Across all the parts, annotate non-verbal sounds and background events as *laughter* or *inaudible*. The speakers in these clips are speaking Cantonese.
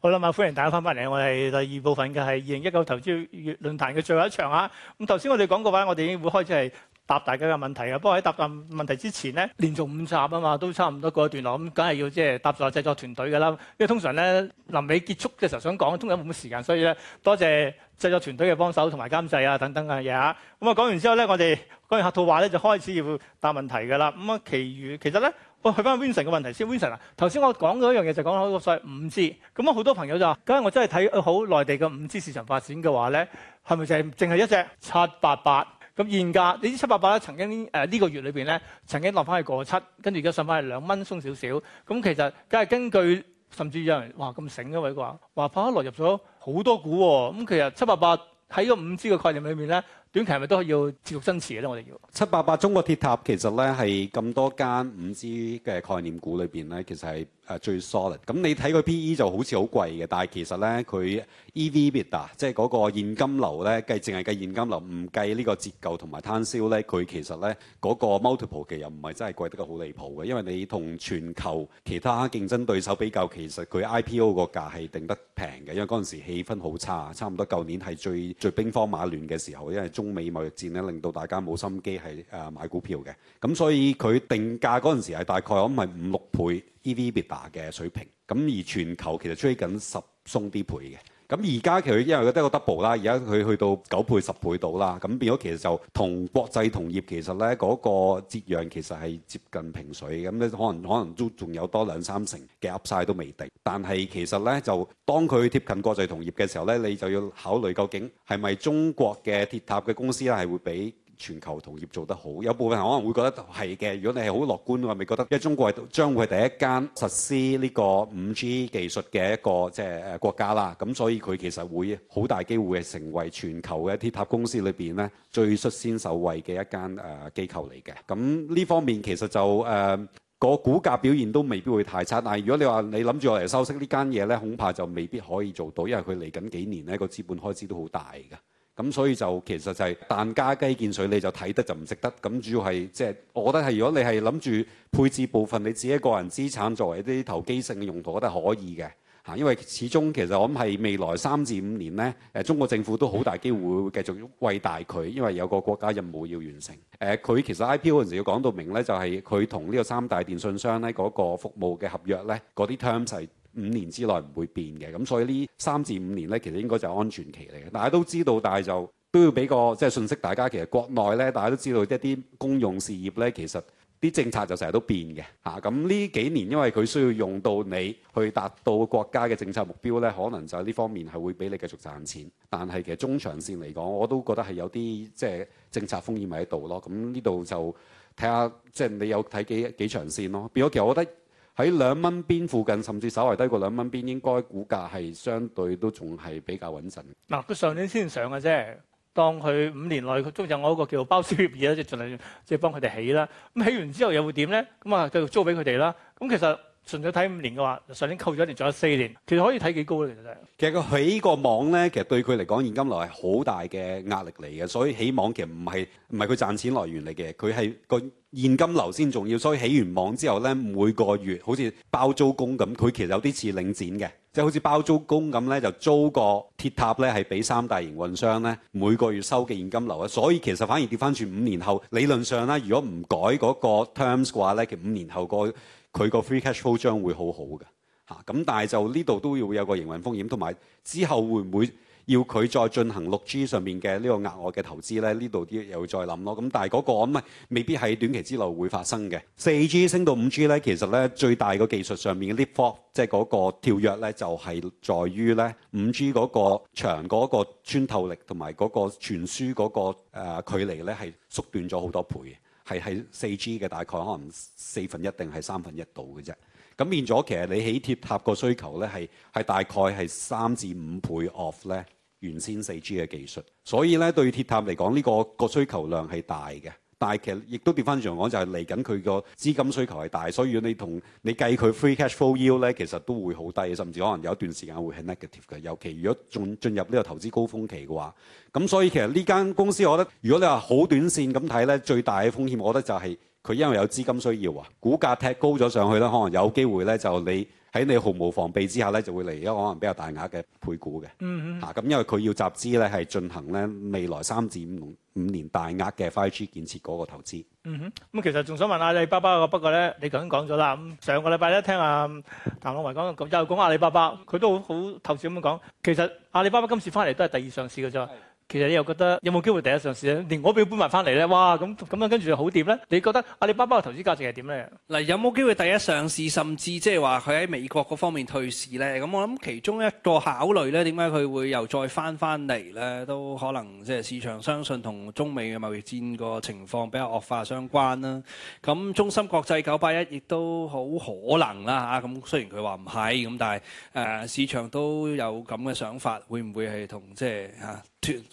好啦，咁歡迎大家翻返嚟。我哋第二部分嘅係二零一九投資論壇嘅最後一場啊。咁頭先我哋講過話，我哋已經會開始係答大家嘅問題啊。不過喺答嘅問題之前咧，連續五集啊嘛，都差唔多過一段落，咁梗係要即係答咗製作團隊㗎啦。因為通常咧臨尾結束嘅時候想講，通常冇乜時間，所以咧多謝製作團隊嘅幫手同埋監製啊等等嘅嘢吓。咁啊講完之後咧，我哋講完客套話咧，就開始要答問題㗎啦。咁啊，其餘其實咧。喂、哦，去翻 Vincent 嘅問題先。Vincent 啊，頭先我講嗰樣嘢就講好個所謂五支，咁啊好多朋友就話，咁我真係睇好內地嘅五支市場發展嘅話咧，係咪就係淨係一隻七八八？咁現價你知、呃這個、呢啲七八八咧，曾經呢個月裏面咧，曾經落翻去過七，跟住而家上翻去兩蚊鬆少少。咁其實，梗係根據甚至有人話咁醒嘅位話，話啪落入咗好多股喎、啊。咁其實七八八喺個五支嘅概念裏面咧。短期係咪都係要持續增持咧？我哋要七八八中國鐵塔其實咧係咁多間五 G 嘅概念股裏邊咧，其實係誒最 solid。咁你睇個 PE 就好似好貴嘅，但係其實咧佢 EV/EBITDA 即係嗰個現金流咧計淨係計現金流，唔計呢個折舊同埋攤銷咧，佢其實咧嗰、嗰個 multiple 其實唔係真係貴得個好離譜嘅，因為你同全球其他競爭對手比較，其實佢 IPO 個價係定得平嘅，因為嗰陣時氣氛好差，差唔多舊年係最最兵荒馬亂嘅時候，因為。中美貿易戰咧，令到大家冇心機係誒買股票嘅，咁所以佢定價嗰陣時係大概我諗係五六倍 EV/EBITDA 嘅水平，咁而全球其實追緊十鬆啲倍嘅。咁而家佢因為佢得個 double 啦，而家佢去到九倍十倍度啦，咁變咗其實就同國際同業其實咧嗰個折讓其實係接近平水，咁咧可能可能都仲有多兩三成 upside 都未定。但係其實咧就當佢貼近國際同業嘅時候咧，你就要考慮究竟係咪中國嘅鐵塔嘅公司咧係會畀？全球同業做得好，有部分人可能會覺得係嘅。如果你係好樂觀嘅話，咪覺得因為中國係將會係第一間實施呢個五 G 技術嘅一個即係、就是呃、國家啦。咁所以佢其實會好大機會係成為全球嘅鐵塔公司裏邊呢，最率先受惠嘅一間誒、呃、機構嚟嘅。咁呢方面其實就誒、呃那個股價表現都未必會太差。但係如果你話你諗住我嚟收息呢間嘢呢，恐怕就未必可以做到，因為佢嚟緊幾年呢、那個資本開支都好大嘅。咁所以就其實就係蛋家雞見水，你就睇得就唔食得。咁主要係即係，就是、我覺得係如果你係諗住配置部分，你自己個人資產作為一啲投機性嘅用途，我覺得可以嘅嚇。因為始終其實我諗係未來三至五年咧，誒、呃、中國政府都好大機會繼續餵大佢，因為有個國家任務要完成。誒、呃，佢其實 IPO 嗰陣時要講到明咧，就係佢同呢個三大電信商咧嗰、那個服務嘅合約咧，嗰啲 terms 係。五年之內唔會變嘅，咁所以呢三至五年呢，其實應該就係安全期嚟嘅。大家都知道，但係就都要俾個即係信息大家，其實國內呢，大家都知道一啲公用事業呢，其實啲政策就成日都變嘅嚇。咁、啊、呢幾年因為佢需要用到你去達到國家嘅政策目標呢，可能就喺呢方面係會俾你繼續賺錢。但係其實中長線嚟講，我都覺得係有啲即係政策風險喺度咯。咁呢度就睇下即係、就是、你有睇幾幾長線咯。變咗，其實我覺得。喺兩蚊邊附近，甚至稍為低過兩蚊邊，應該股價係相對都仲係比較穩陣。嗱，佢上年先上嘅啫，當佢五年內佢仲有我一個叫做包銷協議啦，即係盡量即係幫佢哋起啦。咁起完之後又會點咧？咁啊繼續租俾佢哋啦。咁其實。純粹睇五年嘅話，上年扣咗一年，仲有四年。其實可以睇幾高其實、其實。佢起個網呢，其實對佢嚟講現金流係好大嘅壓力嚟嘅，所以起網其實唔係唔係佢賺錢來源嚟嘅，佢係個現金流先重要。所以起完網之後呢，每個月好似包租公咁，佢其實有啲似領展嘅，即係好似包租公咁呢，就租個鐵塔呢，係俾三大營運商呢每個月收嘅現金流啊。所以其實反而調返轉五年後理論上呢，如果唔改嗰個 terms 嘅話呢，其實五年後、個佢個 free cash flow 將會好好嘅嚇，咁但係就呢度都要有個營運風險，同埋之後會唔會要佢再進行六 G 上面嘅呢個額外嘅投資咧？呢度啲又再諗咯。咁但係嗰個唔係未必喺短期之內會發生嘅。四 G 升到五 G 咧，其實咧最大嘅技術上面嘅 leap 即係嗰個跳躍咧，就係、是、在於咧五 G 嗰個長嗰個穿透力同埋嗰個傳輸嗰個誒、呃、距離咧係縮短咗好多倍嘅。係係四 G 嘅，大概可能四分一定係三分一度嘅啫。咁變咗，其實你起鐵塔個需求咧，係係大概係三至五倍 off 咧原先四 G 嘅技術。所以咧，對鐵塔嚟講，呢個個需求量係大嘅。但係其實亦都掉翻轉嚟講，就係嚟緊佢個資金需求係大，所以如果你同你計佢 free cash flow yield 咧，其實都會好低，甚至可能有一段時間會係 negative 嘅。尤其如果仲進入呢個投資高峰期嘅話，咁所以其實呢間公司，我覺得如果你話好短線咁睇咧，最大嘅風險，我覺得就係佢因為有資金需要啊，股價踢高咗上去咧，可能有機會咧就你。喺你毫無防備之下咧，就會嚟一個可能比較大額嘅配股嘅。嗯嗯。啊，咁因為佢要集資咧，係進行咧未來三至五五年大額嘅 5G 建設嗰個投資。嗯哼。咁、啊嗯嗯、其實仲想問阿里巴巴個啊，不過咧你頭先講咗啦，咁上個禮拜咧聽阿譚朗蔚講，又講阿里巴巴，佢都好投視咁樣講，其實阿里巴巴今次翻嚟都係第二上市嘅啫。其實你又覺得有冇機會第一上市咧？連我都要搬埋翻嚟咧！哇，咁咁樣跟住就好掂咧？你覺得阿里巴巴嘅投資價值係點咧？嗱，有冇機會第一上市，甚至即係話佢喺美國嗰方面退市咧？咁我諗其中一個考慮咧，點解佢會又再翻翻嚟咧？都可能即係、就是、市場相信同中美嘅貿易戰個情況比較惡化相關啦。咁中芯國際九八一亦都好可能啦嚇。咁、啊、雖然佢話唔係，咁但係誒、呃、市場都有咁嘅想法，會唔會係同即係嚇？就是啊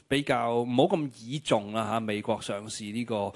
比較唔好咁倚重啦吓美國上市呢個誒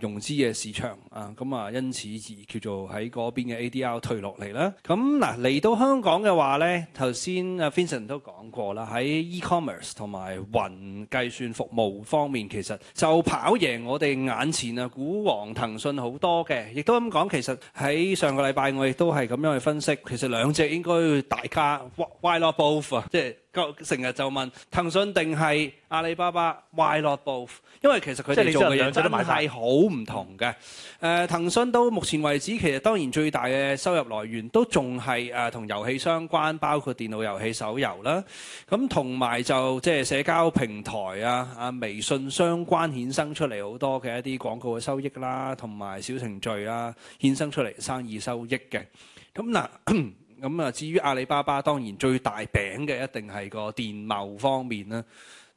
融資嘅市場啊，咁啊因此而叫做喺嗰邊嘅 ADR 退落嚟啦。咁嗱嚟到香港嘅話咧、e，頭先阿 Vincent 都講過啦，喺 e-commerce 同埋雲計算服務方面，其實就跑贏我哋眼前啊股王騰訊好多嘅，亦都咁講。其實喺上個禮拜我亦都係咁樣去分析，其實兩隻應該大卡 Why not both 啊？即係成日就問騰訊定係阿里巴巴，Why not both？因為其實佢哋做嘅嘢係好唔同嘅。誒，騰訊到目前為止，其實當然最大嘅收入來源都仲係誒同遊戲相關，包括電腦遊戲、手遊啦。咁同埋就即係社交平台啊、啊微信相關衍生出嚟好多嘅一啲廣告嘅收益啦，同埋小程序啦，衍生出嚟生意收益嘅。咁嗱。咁啊，至於阿里巴巴，當然最大餅嘅一定係個電貿方面啦。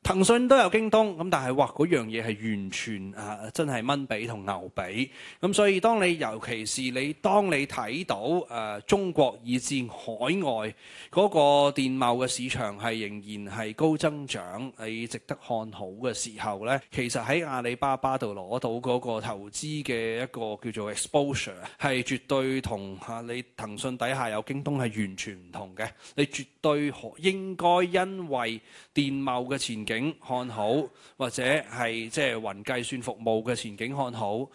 騰訊都有京東，咁，但係哇嗰樣嘢係完全啊真係蚊髀同牛髀咁、啊，所以當你尤其是你當你睇到誒、啊、中國以至海外、嗰個電貿嘅市場係仍然係高增長，你值得看好嘅時候呢，其實喺阿里巴巴度攞到嗰個投資嘅一個叫做 exposure 係絕對同吓你騰訊底下有京東係完全唔同嘅，你絕對應該因為電貿嘅前景看好，或者係即係雲計算服務嘅前景看好，誒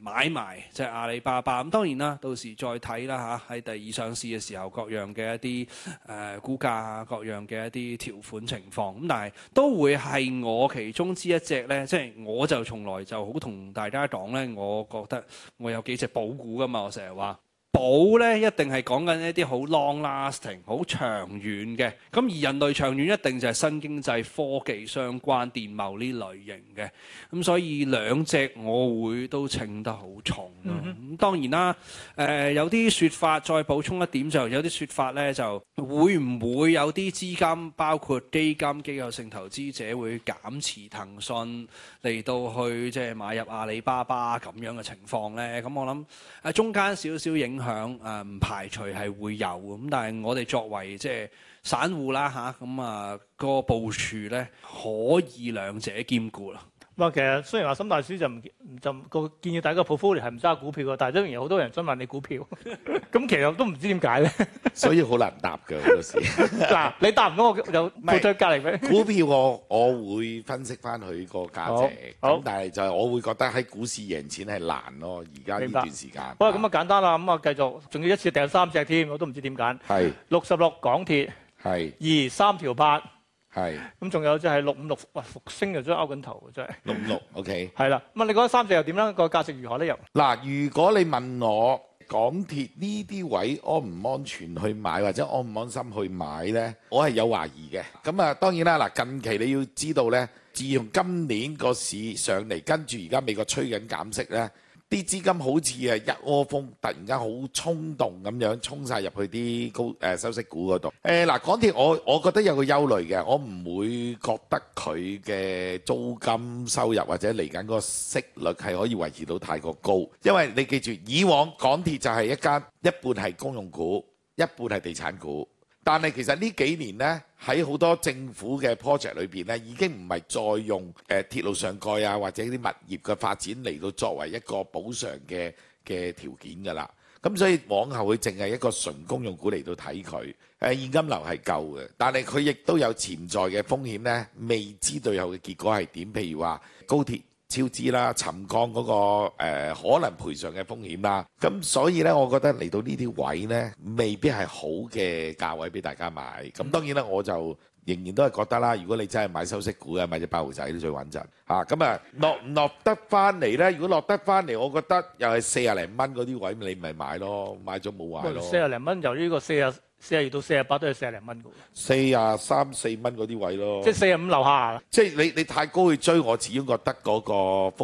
買埋即係阿里巴巴。咁當然啦，到時再睇啦吓，喺第二上市嘅時候，各樣嘅一啲誒估價，各樣嘅一啲條款情況，咁但係都會係我其中之一隻咧，即係我就從來就好同大家講咧，我覺得我有幾隻保股噶嘛，我成日話。保咧一定係講緊一啲好 long lasting、好長遠嘅，咁而人類長遠一定就係新經濟科技相關、電貿呢類型嘅，咁、嗯、所以兩隻我會都稱得好重。咁、嗯、哼當然啦，誒、呃、有啲説法，再補充一點，就是，就有啲説法咧，就會唔會有啲資金，包括基金、機構性投資者會減持騰訊嚟到去即係買入阿里巴巴咁樣嘅情況呢？咁、嗯、我諗、啊、中間少少影響誒唔排除係會有咁，但係我哋作為即係散戶啦嚇，咁啊個部署咧可以兩者兼顧啦。話其實雖然話沈大師就唔就個建議大家 portfolio 係唔揸股票嘅，但係都仍然好多人想問你股票。咁 *laughs* *laughs* 其實都唔知點解咧？所以好難答嘅好多時。嗱， *laughs* *laughs* 你答唔到，我就撥隔離俾。股票我我會分析翻佢個價值，咁但係就係我會覺得喺股市贏錢係難咯。而家呢段時間。白打好啊，咁啊簡單啦。咁啊繼續，仲要一次掟三隻添，我都唔知點揀。係是。六十六港鐵。係是。二三條八。係，咁仲是有就係、就是、六五六，哇，復星又再勾緊頭，真係六五六，OK，係啦。咁啊，你覺得三隻又點啦？個價值如何呢？又嗱，如果你問我港鐵呢啲位安唔安全去買，或者安唔安心去買呢，我係有懷疑嘅。咁啊，當然啦。嗱，近期你要知道呢，自從今年個市上嚟，跟住而家美國催緊減息呢。啲資金好似啊一窩蜂，突然間好衝動咁樣衝曬入去啲高誒收息股嗰度。誒嗱，港鐵我我覺得有個憂慮嘅，我唔會覺得佢嘅租金收入或者嚟緊個息率係可以維持到太過高，因為你記住，以往港鐵就係一間一半係公用股，一半係地產股。但係其實呢幾年咧，喺好多政府嘅 project 裏邊咧，已經唔係再用誒鐵路上蓋啊，或者啲物業嘅發展嚟到作為一個補償嘅嘅條件㗎啦。咁所以往後佢淨係一個純公用股嚟到睇佢，誒現金流係夠嘅，但係佢亦都有潛在嘅風險咧，未知對後嘅結果係點？譬如話高鐵。超支啦，沉降嗰個誒可能賠償嘅風險啦，咁所以咧，我覺得嚟到呢啲位咧，未必係好嘅價位俾大家買。咁當然咧，我就仍然都係覺得啦，如果你真係買收息股啊，買隻包仔都最穩陣嚇。咁啊，落唔落得翻嚟咧？如果落得翻嚟，我覺得又係四廿零蚊嗰啲位，你咪買咯，買咗冇壞咯。四廿零蚊由呢個四廿。四十二到四十八都係四十零蚊嘅喎，四十三四蚊嗰啲位咯。即係四十五樓下。即係你你，太高去追，我始終覺得嗰個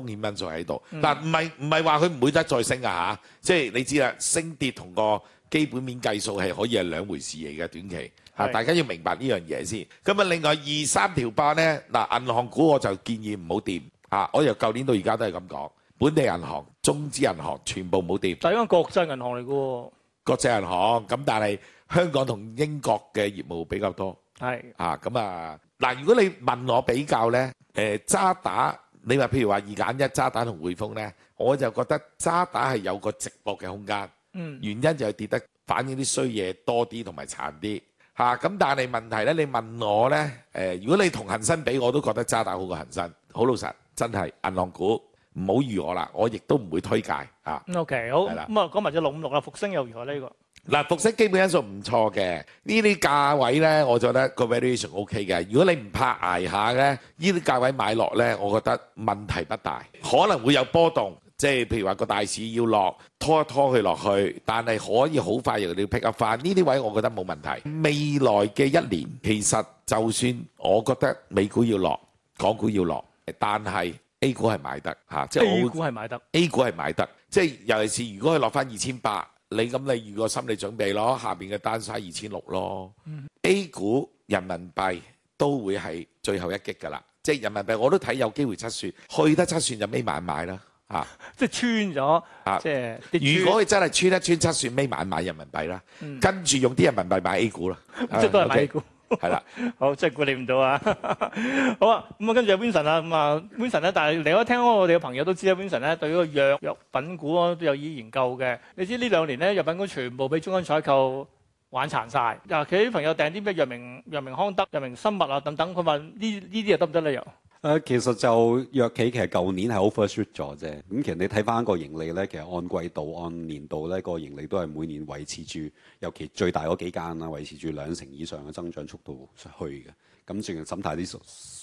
風險因素喺度。嗱，唔係唔係話佢唔會得再升啊嚇！即係你知啦，升跌同個基本面計數係可以係兩回事嚟嘅，短期嚇大家要明白呢樣嘢先。咁啊，另外二三條半咧，嗱，銀行股我就建議唔好掂啊！我由舊年到而家都係咁講，本地銀行、中資銀行全部冇掂。就嗰間國際銀行嚟嘅喎。國際銀行咁，但係。香港同英國嘅業務比較多，係啊咁啊嗱！如果你問我比較咧，誒渣打你話譬如話二揀一渣打同匯豐咧，我就覺得渣打係有個直落嘅空間，嗯，原因就係跌得反映啲衰嘢多啲同埋殘啲嚇。咁但係問題咧，你問我咧，誒如果你同恒生比，我都覺得渣打好過恒生，好老實，真係銀行股唔好預我啦，我亦都唔會推介嚇。OK 好，咁啊講埋隻六五六啦，復星又如何呢個？嗱，復星基本因素唔錯嘅，呢啲價位呢，我覺得個 valuation O、okay、K 嘅。如果你唔怕挨下呢，呢啲價位買落呢，我覺得問題不大，可能會有波動，即係譬如話個大市要落，拖一拖佢落去，但係可以好快由你 pick 一翻呢啲位，我覺得冇問題。未來嘅一年，其實就算我覺得美股要落，港股要落，但係 A 股係買得嚇，即係 A 股係買得，A 股係買得，即係 A 會尤其是如果係落翻二千八。你咁你預個心理準備咯，下面嘅單差二千六咯。嗯、A 股人民幣都會係最後一擊㗎啦，即、即係、人民幣我都睇有機會七算，去得七算就咪買買啦，即穿咗，啊、即係如果佢真係穿一穿七算，咪買買人民幣啦，跟住、嗯、用啲人民幣買 A 股啦，即都係買 Okay? A 股。係啦，是 *laughs* 好即係估你唔到啊！ *laughs* 好啊，咁啊跟住阿 Vincent 啊，咁啊 Vincent 咧，cent, 但係你一聽我哋嘅朋友都知啦，Vincent 咧對嗰個藥藥品股都有意研究嘅。你知呢兩年咧藥品股全部俾中央採購玩殘曬。嗱，佢啲朋友訂啲咩藥明藥明康德、藥明生物啊、等等，佢問呢呢啲嘢得唔得咧又？呃、其實就藥企其實舊年係好 over shoot 咗啫。咁、嗯、其實你睇翻個盈利咧，其實按季度、按年度咧，這個盈利都係每年維持住，尤其最大嗰幾間啊，維持住兩成以上嘅增長速度去嘅。咁正如沈太啲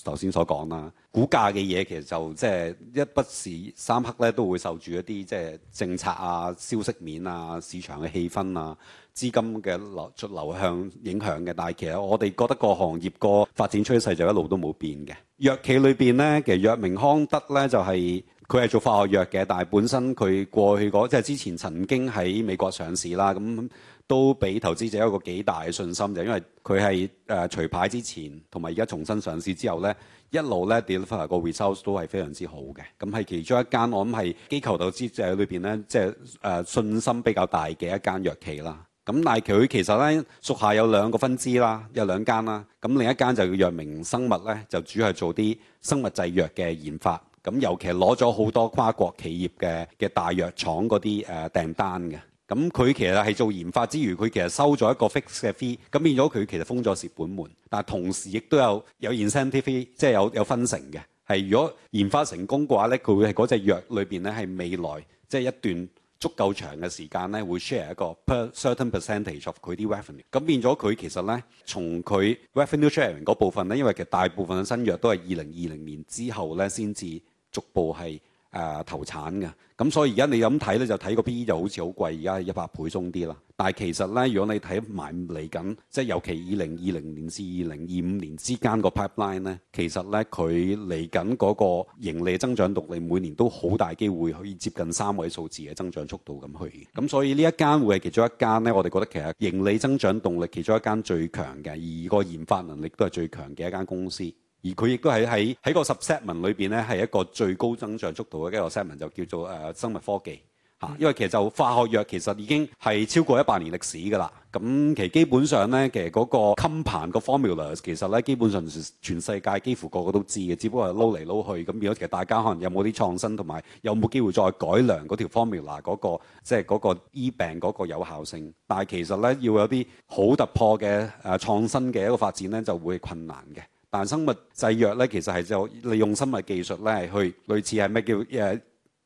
頭先所講啦，股價嘅嘢其實就即係一不時三刻咧都會受住一啲即係政策啊、消息面啊、市場嘅氣氛啊。資金嘅流出流向影響嘅，但係其實我哋覺得個行業個發展趨勢就一路都冇變嘅。藥企裏邊呢，其實藥明康德呢，就係佢係做化學藥嘅，但係本身佢過去嗰即係之前曾經喺美國上市啦，咁都俾投資者有一個幾大嘅信心，就因為佢係誒除牌之前同埋而家重新上市之後呢，一路呢 develop 個 results 都係非常之好嘅。咁係其中一間，我諗係機構投資者裏邊呢，即係誒信心比較大嘅一間藥企啦。咁但係佢其實咧，屬下有兩個分支啦，有兩間啦。咁另一間就叫藥明生物咧，就主要係做啲生物製藥嘅研發。咁尤其攞咗好多跨國企業嘅嘅大藥廠嗰啲誒訂單嘅。咁佢其實係做研發之餘，佢其實收咗一個 fixed fee。咁變咗佢其實封咗蝕本門，但係同時亦都有有 incentive fee，即係有有分成嘅。係如果研發成功嘅話咧，佢會係嗰隻藥裏面咧係未來即係、即係、一段。足夠長嘅時間咧，會 share 一個 per certain percentage of 佢啲 revenue。咁變咗佢其實咧，從佢 revenue sharing 嗰部分咧，因為其實大部分嘅新藥都係二零二零年之後咧，先至逐步係。誒、呃、投產嘅，咁所以而家你咁睇咧，就睇個 PE 就好似好貴，而家係一百倍鬆啲啦。但係其實咧，如果你睇埋嚟緊，即係尤其二零二零年至二零二五年之間個 pipeline 咧，其實咧佢嚟緊嗰個盈利增長動力，每年都好大機會可以接近三位數字嘅增長速度咁去。咁所以呢一間會係其中一間咧，我哋覺得其實盈利增長動力其中一間最強嘅，而個研發能力都係最強嘅一間公司。而佢亦都係喺喺個十 seven 裏邊咧，係一個最高增長速度嘅一個 seven，就叫做誒、呃、生物科技嚇。嗯、因為其實就化學藥其實已經係超過一百年歷史㗎啦。咁其實基本上咧，其實嗰個襟盤個 formula 其實咧，基本上全世界幾乎個個都知嘅。只不過係撈嚟撈去咁變咗。如果其實大家可能有冇啲創新同埋有冇機會再改良嗰條 formula 嗰、那個即係嗰個醫病嗰個有效性？但係其實咧要有啲好突破嘅誒創新嘅一個發展咧，就會困難嘅。但生物製藥咧，其實係就利用生物技術咧，係去類似係咩叫誒，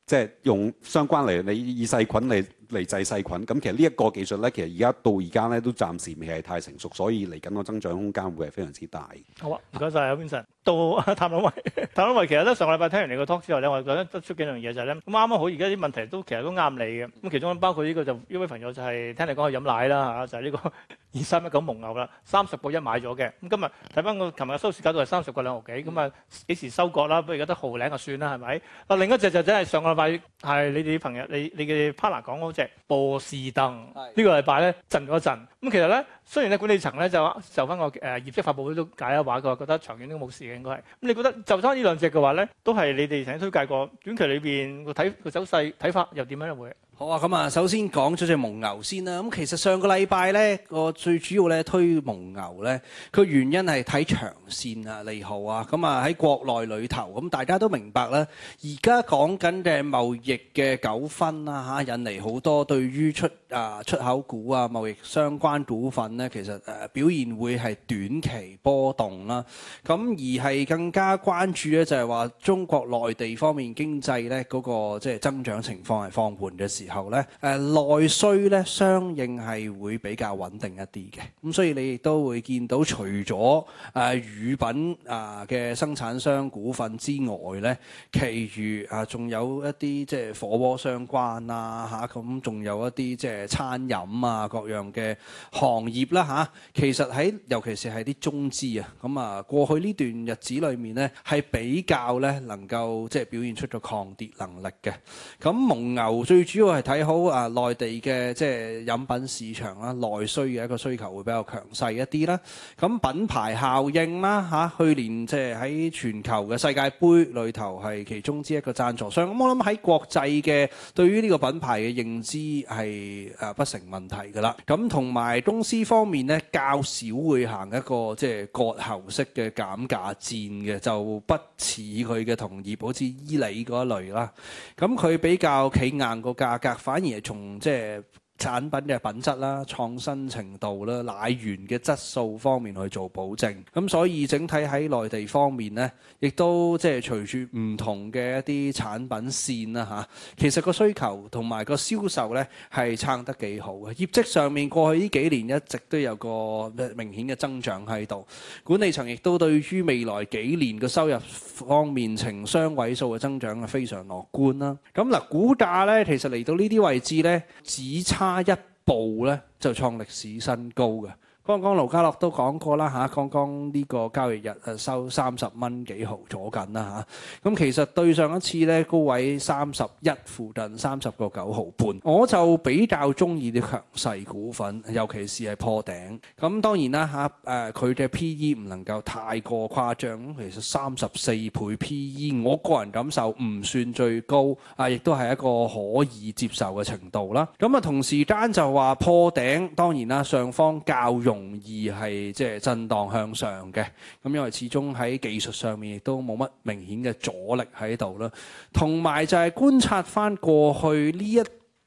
即係用相關嚟你以細菌嚟嚟製細菌。咁其實呢一個技術咧，其實而家到而家咧都暫時未係太成熟，所以嚟緊個增長空間會係非常之大。好謝謝啊，唔該晒。阿 Vincent，到譚朗蔚，譚朗蔚 *laughs* 其實咧，上個禮拜聽完你個 talk 之後咧，我覺得得出了幾樣嘢就係、是、咧，咁啱啱好而家啲問題都其實都啱你嘅。咁其中包括呢、這個就呢位朋友就係、是、聽你講去飲奶啦嚇，就係、是、呢、這個。二三一九蒙牛啦，三十個一買咗嘅，咁今日睇翻我琴日嘅收市價都係三十個兩毫幾，咁啊幾時收割啦？不如而家得毫零就算啦，係咪？啊另一隻就真係上個禮拜係你哋啲朋友你你嘅 partner 講嗰隻波司登，呢個禮拜咧震咗一陣，咁其實咧雖然咧管理層咧就受翻個誒業績發布會都解一話，佢話覺得長遠都冇事嘅應該係。咁你覺得就翻呢兩隻嘅話咧，都係你哋曾經推介過，短期裏邊個睇個走勢睇法又點樣咧會？好啊，咁啊，首先講咗隻蒙牛先啦。咁其實上個禮拜咧，個最主要咧推蒙牛咧，佢原因係睇長線啊利好啊。咁啊喺國內裏頭，咁大家都明白啦。而家講緊嘅貿易嘅糾紛啊嚇引嚟好多對於出啊出口股啊貿易相關股份咧，其實誒表現會係短期波動啦。咁而係更加關注咧就係話中國內地方面經濟咧嗰個即係增長情況係放緩嘅時後咧，誒內需咧，相應係會比較穩定一啲嘅，咁所以你亦都會見到，除咗誒乳品啊嘅生產商股份之外咧，其餘啊仲有一啲即係火鍋相關啊吓，咁仲有一啲即係餐飲啊各樣嘅行業啦吓，其實喺尤其是係啲中資啊，咁啊過去呢段日子裏面咧係比較咧能夠即係表現出咗抗跌能力嘅，咁蒙牛最主要係。睇好啊！內地嘅即係飲品市場啦，內需嘅一個需求會比較強勢一啲啦。咁品牌效應啦，嚇去年即係喺全球嘅世界盃裏頭係其中之一個贊助商，咁我諗喺國際嘅對於呢個品牌嘅認知係啊不成問題㗎啦。咁同埋公司方面咧，較少會行一個即係割喉式嘅減價戰嘅，就不似佢嘅同業好似伊利嗰一類啦。咁佢比較企硬個價格。反而係從，即係。產品嘅品質啦、創新程度啦、奶源嘅質素方面去做保證。咁所以整體喺內地方面呢，亦都即係隨住唔同嘅一啲產品線啦嚇，其實個需求同埋個銷售呢，係撐得幾好嘅。業績上面過去呢幾年一直都有個明顯嘅增長喺度。管理層亦都對於未來幾年嘅收入方面呈雙位數嘅增長係，非常樂觀啦。咁嗱，股價呢，其實嚟到呢啲位置呢，只差。差一步咧，就創歷史新高嘅。剛剛盧家樂都講過啦，剛剛呢個交易日收三十蚊幾毫左近啦。咁其實對上一次咧高位三十一附近，三十個九毫半，我就比較中意啲強勢股份，尤其是係破頂。咁當然啦嚇誒，佢嘅 P E 唔能夠太過誇張。其實三十四倍 P E，我個人感受唔算最高啊，亦都係一個可以接受嘅程度啦。咁啊同時間就話破頂，當然啦上方教用。容易係即係震盪向上嘅，咁因為始終喺技術上面亦都冇乜明顯嘅阻力喺度啦。同埋就係觀察翻過去呢一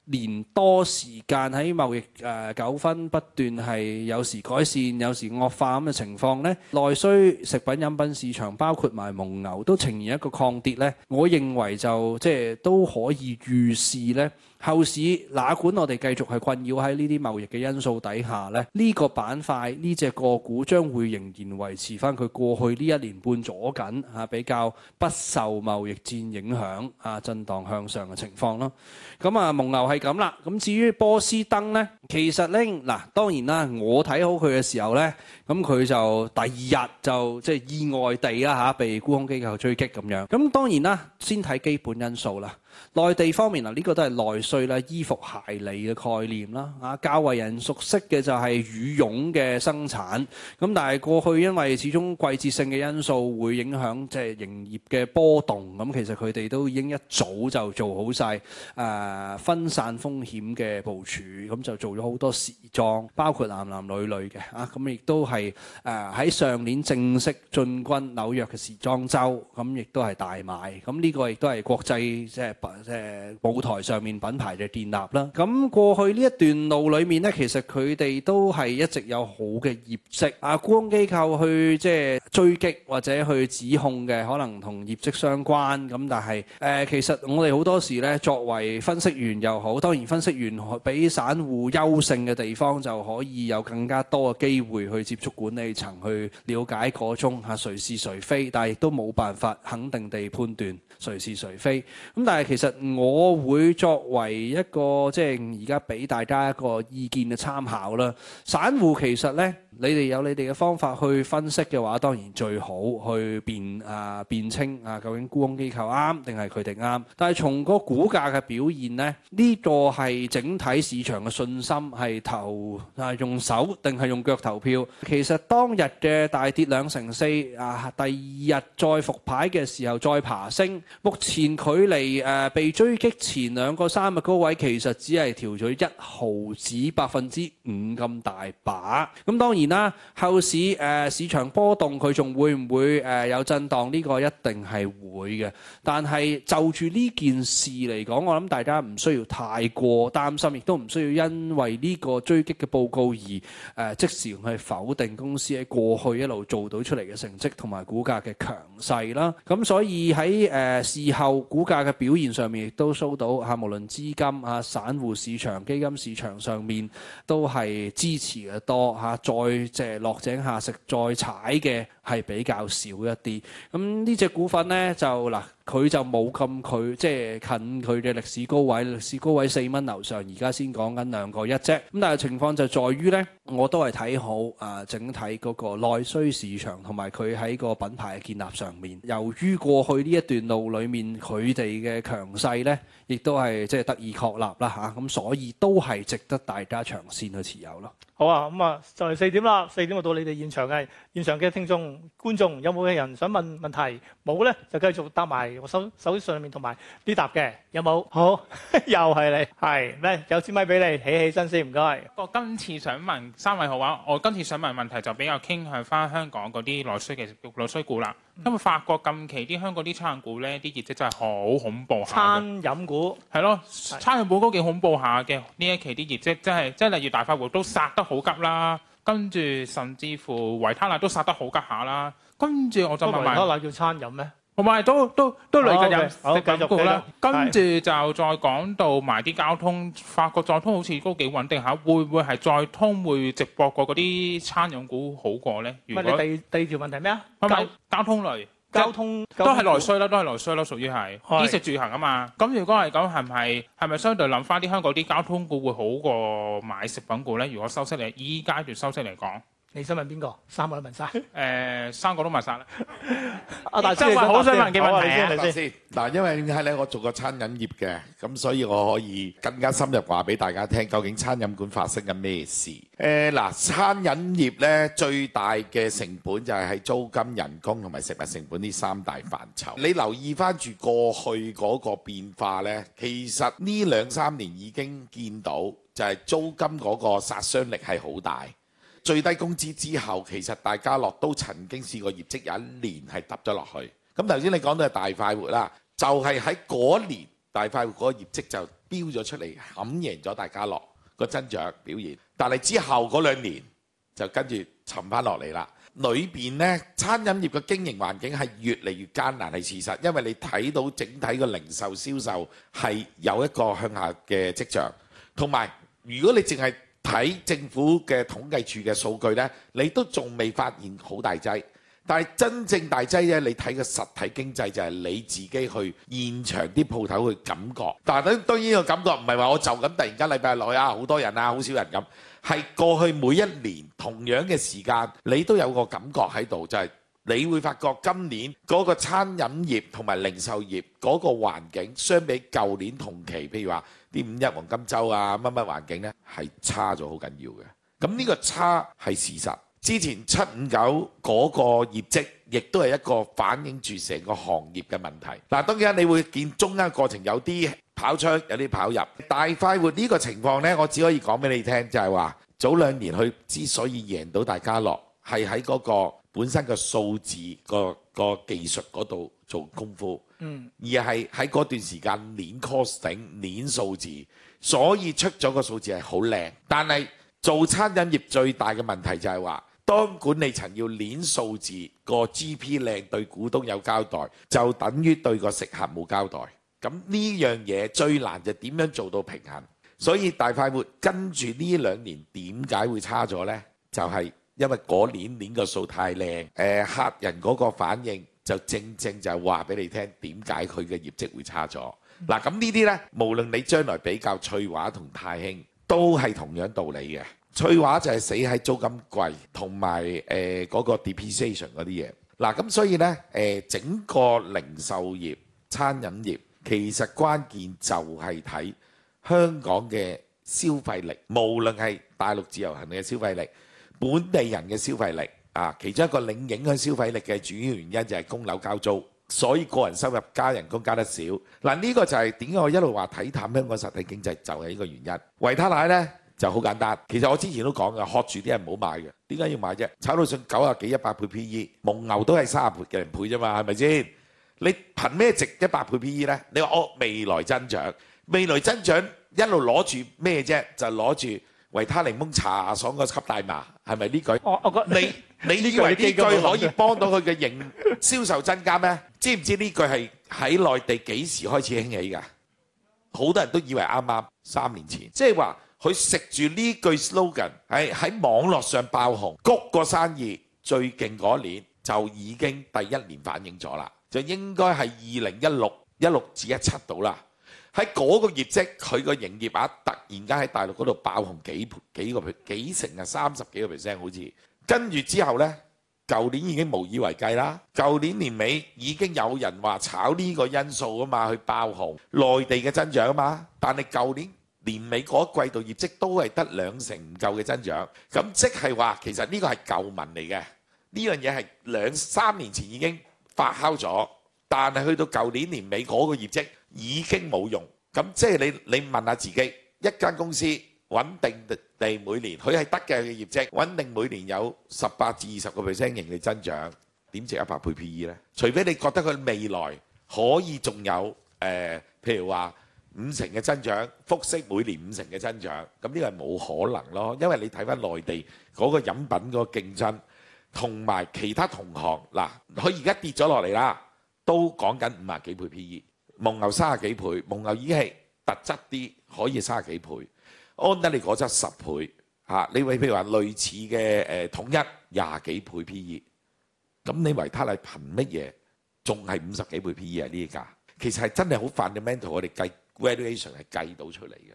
年多時間喺貿易誒糾紛不斷，係有時改善、有時惡化咁嘅情況呢，內需食品飲品市場，包括埋蒙牛，都呈現一個抗跌呢，我認為就即係都可以預示呢。後市哪管我哋繼續係困擾喺呢啲貿易嘅因素底下呢？呢、這個板塊呢隻、這個、個股將會仍然維持返佢過去呢一年半左緊比較不受貿易戰影響啊，震盪向上嘅情況咯。咁啊，蒙牛係咁啦。咁至於波司登呢，其實呢，嗱當然啦，我睇好佢嘅時候呢，咁佢就第二日就即係、就是、意外地啊被沽空機構追擊咁樣。咁當然啦，先睇基本因素啦。內地方面嗱，呢個都係內需啦，衣服鞋履嘅概念啦，啊，較為人熟悉嘅就係羽絨嘅生產。咁但係過去因為始終季節性嘅因素會影響即係營業嘅波動，咁其實佢哋都已經一早就做好曬誒分散風險嘅部署，咁就做咗好多時裝，包括男男女女嘅啊，咁亦都係誒喺上年正式進軍紐約嘅時裝週，咁亦都係大賣。咁呢個亦都係國際即係舞台上面品牌嘅建立啦，咁過去呢一段路裏面呢，其實，佢哋都係一直有好嘅業績啊，沽空機構去即係追擊或者去指控嘅，可能同業績相關。咁但係誒，其實我哋好多時呢，作為分析員又好，當然分析員比散戶優勝嘅地方就可以有更加多嘅機會去接觸管理層，去了解嗰種嚇誰是誰非，但係亦都冇辦法肯定地判斷。誰是誰非，咁但係其實我會作為一個即係而家畀大家一個意見嘅參考啦。散戶其實呢。你哋有你哋嘅方法去分析嘅話，當然最好去辯啊辯清啊，究竟沽空機構啱定係佢哋啱？但係從個股價嘅表現呢，呢、呢個係整體市場嘅信心係投啊用手定係用腳投票。其實當日嘅大跌兩成四啊，第二日再復牌嘅時候再爬升，目前距離誒、啊、被追擊前兩個三個高位，其實只係調咗一毫紙百分之五咁大把。咁、嗯、當然。啦，後市誒市場波動佢仲會唔會誒有震盪？呢個一定係會嘅。但係就住呢件事嚟講，我諗大家唔需要太過擔心，亦都唔需要因為呢個追擊嘅報告而誒即時去否定公司喺過去一路做到出嚟嘅成績同埋股價嘅強勢啦。咁所以喺誒事後股價嘅表現上面，亦都收到嚇，無論資金啊、散戶市場、基金市場上面都係支持嘅多嚇。再即係落井下石，再踩嘅係比較少一啲。咁呢隻股份呢，就嗱，佢就冇咁佢即係近佢嘅歷史高位，歷史高位四蚊樓上，而家先講緊兩個一啫。咁但係情況就在於呢，我都係睇好啊，整體嗰個內需市場同埋佢喺個品牌嘅建立上面。由於過去呢一段路裏面佢哋嘅強勢呢，亦都係即係得以確立啦嚇。咁所以都係值得大家長線去持有咯。好啊，咁啊，就嚟四點啦，四點我到你哋現場嘅現場嘅聽眾觀眾，有冇嘅人想問問題？冇咧就繼續答埋我手手上面同埋啲答嘅，有冇？好，又係你，係，咩有支咪俾你，起起身先，唔該。我今次想問三位學話，我今次想問問題就比較傾向翻香港嗰啲內需嘅內需股啦。因為，嗯、法國近期啲香港啲餐飲股咧，啲業績真係好恐怖下。餐飲股係咯，餐飲股都幾恐怖下嘅。呢一期啲業績真係，即係例如大發活都殺得好急啦，跟住甚至乎維他奶都殺得好急下啦，跟住我就問，維他奶叫餐飲咩？同埋都都都嚟緊人，嚟、哦，好繼續啦。跟住就再講到埋啲交通，發覺再通好似都幾穩定下，會唔會係再通會直播過嗰啲餐飲股好過咧？唔係你第二第二條問題咩啊？咪？九交通類，交通，即交通都係內需啦，都係內需啦，屬於係衣食住行啊嘛。咁如果係咁，係咪？係咪相對諗翻啲香港啲交通股會好過買食品股咧？如果收息嚟，依階段收息嚟講？你想問邊個？三個都問晒？誒、呃，三個都問晒？啦、 *laughs* 啊。阿大我好 *laughs* 想問幾問題啊。先嗱，先先因為點解咧？我做過餐飲業嘅，咁所以我可以更加深入話俾大家聽，究竟餐飲館發生緊咩事？誒、呃、嗱，餐飲業咧最大嘅成本就係喺租金、人工同埋食物成本呢三大範疇。 *laughs* 你留意翻住過去嗰個變化咧，其實呢兩三年已經見到，就係租金嗰個殺傷力係好大。最低工資之後，其實大家樂都曾經試過業績有一年係揼咗落去。咁頭先你講到係大快活啦，就係喺嗰年大快活嗰個業績就飆咗出嚟，冚贏咗大家樂個增長表現。但係之後嗰兩年就跟住沉翻落嚟啦。裏邊呢，餐飲業嘅經營環境係越嚟越艱難係事實，因為你睇到整體嘅零售銷售係有一個向下嘅跡象，同埋如果你淨係睇政府嘅統計處嘅數據呢，你都仲未發現好大劑。但係真正大劑呢，你睇個實體經濟，就係你自己去現場啲鋪頭去感覺。但係當然個感覺唔係話我就咁突然間禮拜六啊，好多人啊，好少人咁，係過去每一年同樣嘅時間，你都有個感覺喺度就係。你會發覺今年嗰個餐飲業同埋零售業嗰個環境，相比舊年同期，譬如話啲五一黃金周啊，乜乜環境呢，係差咗好緊要嘅。咁呢個差係事實。之前七五九嗰個業績，亦都係一個反映住成個行業嘅問題。嗱，當然你會見中間過程有啲跑出，有啲跑入。大快活呢個情況呢，我只可以講俾你聽，就係話早兩年佢之所以贏到大家樂，係喺嗰個。本身個數字、個、個技術嗰度做功夫，嗯，而係喺嗰段時間碾 costing 碾數字，所以出咗個數字係好靚。但係做餐飲業最大嘅問題就係話，當管理層要碾數字個 GP 靚，對股東有交代，就等於對個食客冇交代。咁呢樣嘢最難就點樣做到平衡？所以大快活跟住呢兩年點解會差咗呢？就係、是。因為嗰年年個數太靚，誒客人嗰個反應就正正就係話俾你聽，點解佢嘅業績會差咗？嗱，咁呢啲咧，無論你將來比較翠華同泰興，都係同樣道理嘅。翠華就係死喺租金貴同埋誒嗰個 depreciation 嗰啲嘢。嗱，咁所以咧誒，整個零售業、餐飲業其實關鍵就係睇香港嘅消費力，無論係大陸自由行嘅消費力。本地人嘅消費力啊，其中一個令影響消費力嘅主要原因就係供樓交租，所以個人收入加人工加得少。嗱，呢個就係點解我一路話睇淡香港實體經濟就係呢個原因。維他奶呢就好簡單，其實我之前都講嘅，喝住啲人唔好買嘅。點解要買啫？炒到上九十幾一百倍 PE，蒙牛都係三十倍嘅人倍啫嘛，係咪先？你憑咩值一百倍 PE 呢？你話哦未來增長，未來增長一路攞住咩啫？就攞住維他檸檬茶爽個吸大麻。係咪呢句？你你認為呢句可以幫到佢嘅營銷售增加咩？知唔知呢句係喺內地幾時開始興起㗎？好多人都以為啱啱三年前，即係話佢食住呢句 slogan 係喺網絡上爆紅，谷個生意最勁嗰年就已經第一年反映咗啦，就應該係二零一六一六至一七度啦。喺嗰個業績，佢個營業額突然間喺大陸嗰度爆紅幾倍、幾個幾成啊？三十幾個 percent 好似。跟住之後呢，舊年已經無以為繼啦。舊年年尾已經有人話炒呢個因素啊嘛，去爆紅內地嘅增長啊嘛。但係舊年年尾嗰一季度業績都係得兩成唔夠嘅增長，咁即係話其實呢個係舊聞嚟嘅，呢樣嘢係兩三年前已經發酵咗，但係去到舊年年尾嗰個業績。已經冇用咁，即係你你問下自己一間公司穩定地每年佢係得嘅業績，穩定每年有十八至二十個 percent 盈利增長，點值一百倍 P E 咧？除非你覺得佢未來可以仲有誒，譬如話五成嘅增長，複式每年五成嘅增長，咁呢個係冇可能咯，因為你睇翻內地嗰個飲品個競爭同埋其他同行嗱，佢而家跌咗落嚟啦，都講緊五十幾倍 P E。蒙牛三十幾倍，蒙牛已經係特質啲，可以三十幾倍。安德利嗰隻十倍嚇、啊，你會譬如話類似嘅誒、呃、統一廿幾倍 P E，咁你維他奶憑乜嘢仲係五十幾倍 P E 啊？呢家其實係真係好 fundamental，我哋計 valuation 係計到出嚟嘅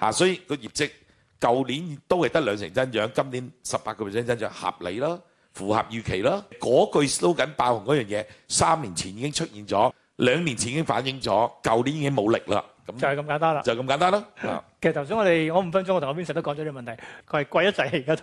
嚇，所以個業績舊年都係得兩成增長，今年十八個 percent 增長合理啦，符合預期啦。嗰句 slogan 爆紅嗰樣嘢，三年前已經出現咗。兩年前已經反映咗，舊年已經冇力啦。咁就係咁簡單啦，就係咁簡單啦。 *laughs* 其實頭先我哋我五分鐘，我同阿 Vincent 都講咗啲問題，佢係貴一滯氣一滯。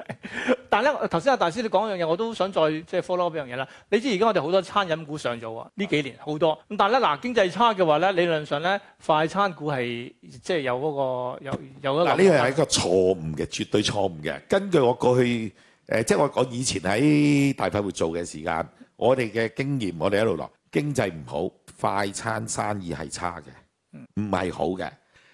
但係咧，頭先阿大師你講一樣嘢，我都想再即係 follow 呢樣嘢啦。你知而家我哋好多餐飲股上咗喎，呢的幾年好多。咁但係咧嗱，經濟差嘅話咧，理論上咧，快餐股係即係有嗰、嗰個有有嗱，呢個係一個錯誤嘅，絕對錯誤嘅。根據我過去誒，即係我講以前喺大快活做嘅時間，我哋嘅經驗，我哋一路落經濟唔好。快餐生意係差嘅，唔係好嘅。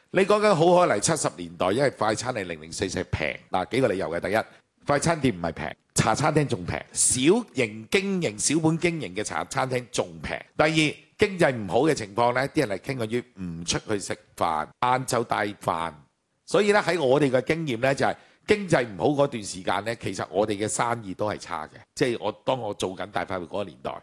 你講緊好可能七十年代，因為快餐係零零碎碎平。嗱幾個理由嘅，第一，快餐店唔係平，茶餐廳仲平，小型經營、小本經營嘅茶餐廳仲平。第二，經濟唔好嘅情況呢，啲人係傾向於唔出去食飯，晏晝帶飯。所以呢，喺我哋嘅經驗呢、就係，就係。經濟唔好嗰段時間咧，其實我哋嘅生意都係差嘅，即係我當我做緊大快活嗰個年代，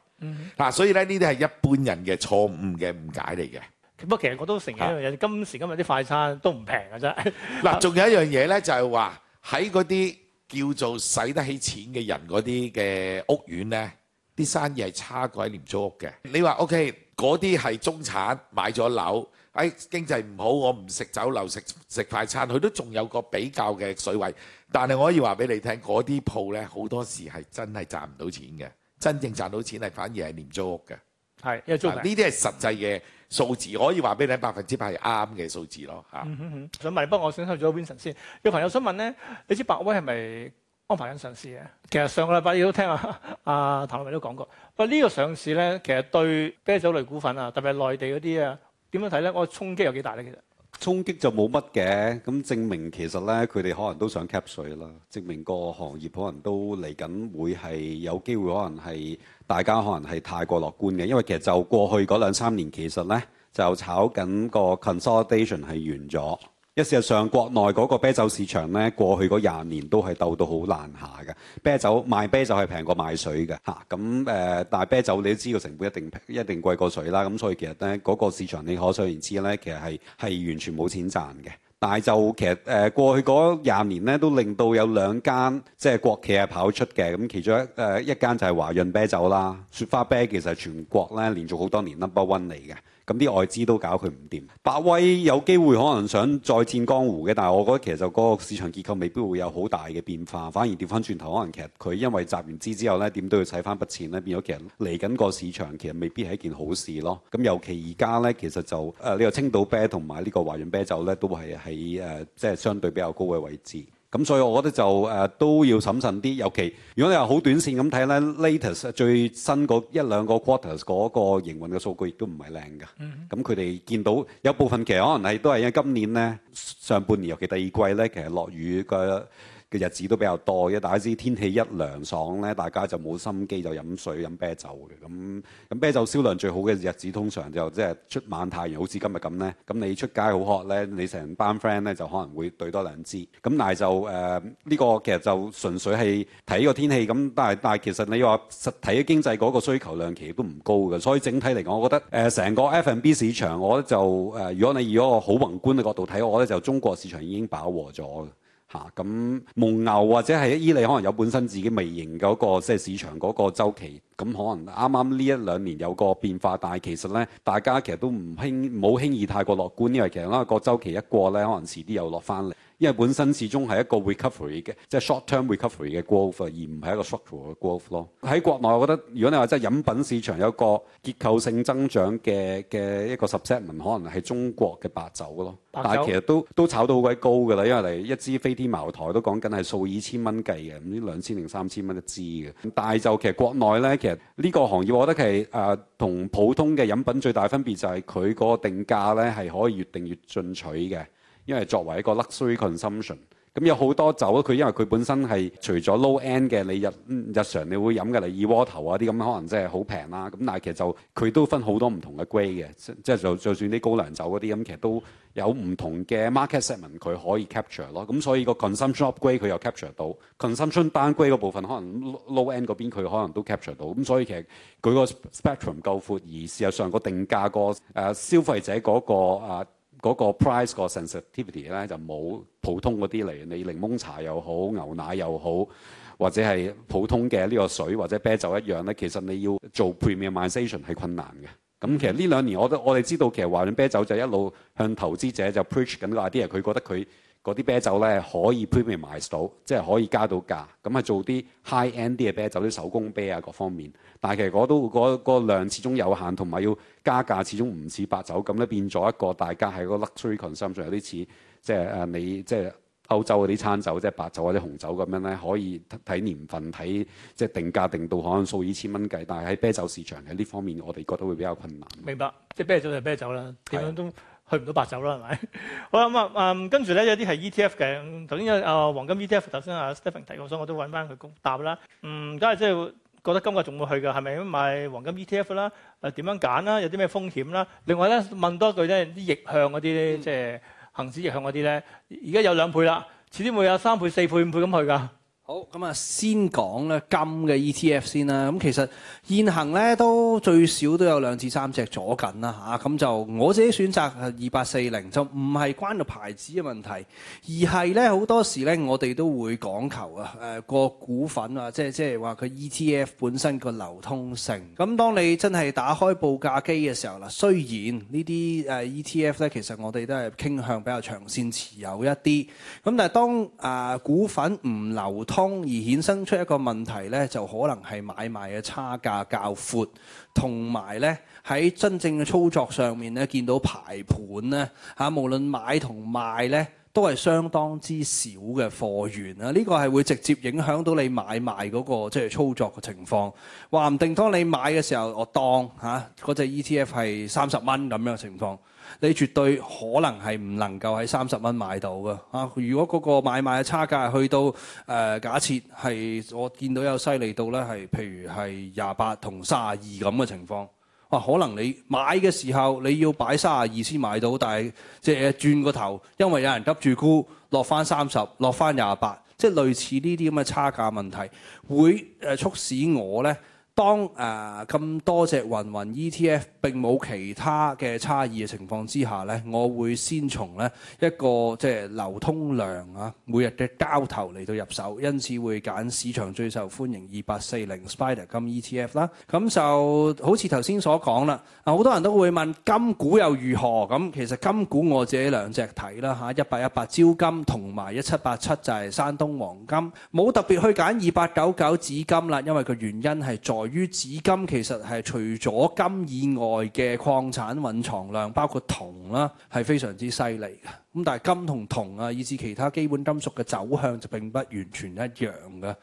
嗱，所以咧呢啲係一般人嘅錯誤嘅誤解嚟嘅。不過其實我都承認一樣嘢，今時今日啲快餐都唔平嘅啫。嗱，仲有一樣嘢咧，就係話喺嗰啲叫做使得起錢嘅人嗰啲嘅屋苑咧，啲生意係差過喺廉租屋嘅。你話 OK，嗰啲係中產買咗樓。誒經濟唔好，我唔食酒樓，食食快餐，佢都仲有個比較嘅水位。但係我可以話俾你聽，嗰啲鋪呢，好多時係真係賺唔到錢嘅。真正賺到錢係反而係廉租屋嘅。係，因為呢啲係實際嘅數字，可以話俾你百分之百係啱嘅數字咯嚇。想問、嗯嗯嗯，不過我選去咗 v i s o n 先。有朋友想問呢，你知百威係咪安排緊上市嘅？其實上個禮拜我都聽啊，啊譚朗蔚都講過。不過呢個上市呢，其實對啤酒類股份啊，特別係內地嗰啲啊。點樣睇咧？我衝擊有幾大咧？其實衝擊就冇乜嘅，咁證明其實咧，佢哋可能都想 Cap 稅啦。證明個行業可能都嚟緊會係有機會，可能係大家可能係太過樂觀嘅。因為其實就過去嗰兩三年，其實咧就炒緊個 consolidation 係完咗。一事實上，國內嗰個啤酒市場咧，過去嗰廿年都係鬥到好難下嘅。啤酒賣啤酒係平過賣水嘅咁、啊、但大、呃、啤酒你都知道成本一定一定貴過水啦。咁、啊、所以其實咧，嗰、嗰個市場你可想而知咧，其實係係完全冇錢賺嘅。但係就其實誒、呃、過去嗰廿年咧，都令到有兩間即係國企係跑出嘅。咁、嗯、其中一誒、呃、一間就係華潤啤酒啦，雪花啤其實全國咧連續好多年 number one 嚟嘅。No. 咁啲外資都搞佢唔掂，百威有機會可能想再戰江湖嘅，但係我覺得其實嗰個市場結構未必會有好大嘅變化，反而調翻轉頭，可能其實佢因為集完資之後咧，點都要使翻筆錢咧，變咗其實嚟緊個市場其實未必係一件好事咯。咁尤其而家咧，其實就呃呢個青島啤同埋呢個華潤啤酒咧，都係喺呃即係相對比較高嘅位置。咁所以，我覺得就、呃、都要審慎啲。尤其如果你話好短線咁睇咧，latest 最新嗰一兩個 quarters 嗰個營運嘅數據亦都唔係靚㗎。咁佢哋見到有部分其實可能係都係因為今年咧上半年，尤其第二季咧，其實落雨嘅嘅日子都比較多，因為大家知天氣一涼爽咧，大家就冇心機就飲水飲啤酒嘅。咁咁啤酒銷量最好嘅日子，通常就即係、就是、出猛太陽，好似今日咁咧。咁你出街好渴 o 咧，你成班 friend 咧就可能會對多兩支。咁但係就誒呢、呃這個其實就純粹係睇個天氣咁。但係但係其實你話實體經濟嗰個需求量其實都唔高嘅。所以整體嚟講，我覺得誒成個 F&B 市場，我就誒、呃、如果你以一個好宏觀嘅角度睇，我咧就中國市場已經飽和咗。咁、啊、蒙牛或者係伊利可能有本身自己微型嗰個即係市場嗰個週期，咁可能啱啱呢一兩年有個變化，但係其實咧，大家其實都唔輕唔好輕易太過樂觀，因為其實咧個周期一過咧，可能遲啲又落翻嚟。因為本身始終係一個 recovery 嘅，即係 short term recovery 嘅 growth，而唔係一個 structural 嘅 growth 咯。喺國內，我覺得如果你話即係飲品市場有一個結構性增長嘅嘅一個 subsegment，可能係中國嘅白酒咯。白酒，但係其實都都炒到好鬼高噶啦，因為你一支飛天茅台都講緊係數以千蚊計嘅，咁呢兩千零三千蚊一支嘅。但係就其實國內咧，其實呢個行業我覺得係誒同普通嘅飲品最大的分別就係佢嗰個定價咧係可以越定越進取嘅。因為作為一個 luxury consumption，咁有好多酒，佢因為佢本身係除咗 low end 嘅，你日、嗯、日常你會飲嘅，例如二鍋頭啊啲咁，可能即係好平啦。咁但係其實就佢都分好多唔同嘅 grade 嘅，即係就就，就算啲高粱酒嗰啲咁，其實都有唔同嘅 market segment 佢可以 capture 咯。咁所以個 consumption upgrade 佢又 capture 到，consumption downgrade 個部分可能 low end 嗰邊佢可能都 capture 到。咁所以其實佢個 spectrum 夠闊，而事實上定價、那個定價個消費者嗰個啊。嗰個 price 個 sensitivity 咧就冇普通嗰啲嚟，你檸檬茶又好，牛奶又好，或者係普通嘅呢個水或者啤酒一樣咧，其實你要做 premiumization 係困難嘅。咁其實呢兩年我都我哋知道，其實華潤啤酒就一路向投資者就 preach 緊個 idea，佢覺得佢。嗰啲啤酒咧可以 premiumise 到，即係可以加到價，咁啊做啲 high end 啲嘅啤酒，啲手工啤啊各方面。但係其實我都嗰、嗰個嗰個、量始終有限，同埋要加價始終唔似白酒咁咧，變咗一個大家喺個 luxury consumption 有啲似，即係誒你即係歐洲嗰啲餐酒，即係白酒或者紅酒咁樣咧，可以睇年份、睇即係定價定到可能數以千蚊計。但係喺啤酒市場喺呢方面，我哋覺得會比較困難。明白，即係啤酒就係啤酒啦，點樣都。去唔到白酒啦，係咪？好啦，咁、嗯、啊，誒，跟住咧，有啲係 ETF 嘅。頭先有啊黃金 ETF，頭先啊 Stephen 提過，所以我都揾翻佢供答啦。嗯，家下即係覺得今日仲會去㗎，係咪？咁買黃金 ETF 啦，誒、啊、點樣揀啦？有啲咩風險啦？另外咧，問多句咧，啲逆向嗰啲，嗯、即係恆指逆向嗰啲咧，而家有兩倍啦，遲啲會有三倍、四倍、五倍咁去㗎。好咁啊，先講咧金嘅 ETF 先啦。咁其實現行咧都最少都有兩至三隻左緊啦嚇。咁、啊、就我自己選擇係二八四零，就唔係關個牌子嘅問題，而係咧好多時咧我哋都會講求啊誒、個股份啊，即係即係話佢 ETF 本身個流通性。咁當你真係打開報價機嘅時候啦，雖然呢啲 ETF 咧其實我哋都係傾向比較長線持有一啲，咁但係當、啊、股份唔流通。而衍生出一個問題呢，就可能係買賣嘅差價較闊，同埋呢，喺真正嘅操作上面呢，見到排盤呢，嚇，無論買同賣呢，都係相當之少嘅貨源啊！呢、呢個係會直接影響到你買賣嗰個即係操作嘅情況。話唔定當你買嘅時候，我當嗰隻 ETF 係三十蚊咁樣嘅情況。你絕對可能係唔能夠喺三十蚊買到嘅嚇、啊。如果嗰個買賣嘅差價去到誒、呃，假設係我見到有犀利到咧，係譬如係廿八同三十二咁嘅情況，哇、啊！可能你買嘅時候你要擺三十二先買到，但係即係轉個頭，因為有人急住沽，落翻三十，落翻廿八，即係類似呢啲咁嘅差價問題，會誒、呃、促使我呢。當誒咁多隻雲雲 ETF 並冇其他嘅差異嘅情況之下呢，我會先從咧一個即係流通量啊，每日嘅交投嚟到入手，因此會揀市場最受歡迎二八四零 Spider 金 ETF 啦。咁就好似頭先所講啦，好多人都會問金股又如何咁？其實金股我自己兩隻睇啦嚇，一八一八招金同埋一七八七就係山東黃金，冇特別去揀二八九九紫金啦，因為個原因係在。由於紫金其實係除咗金以外嘅礦產蘊藏量，包括銅啦，係非常之犀利嘅。咁但係金同銅啊，以至其他基本金屬嘅走向就並不完全一樣嘅。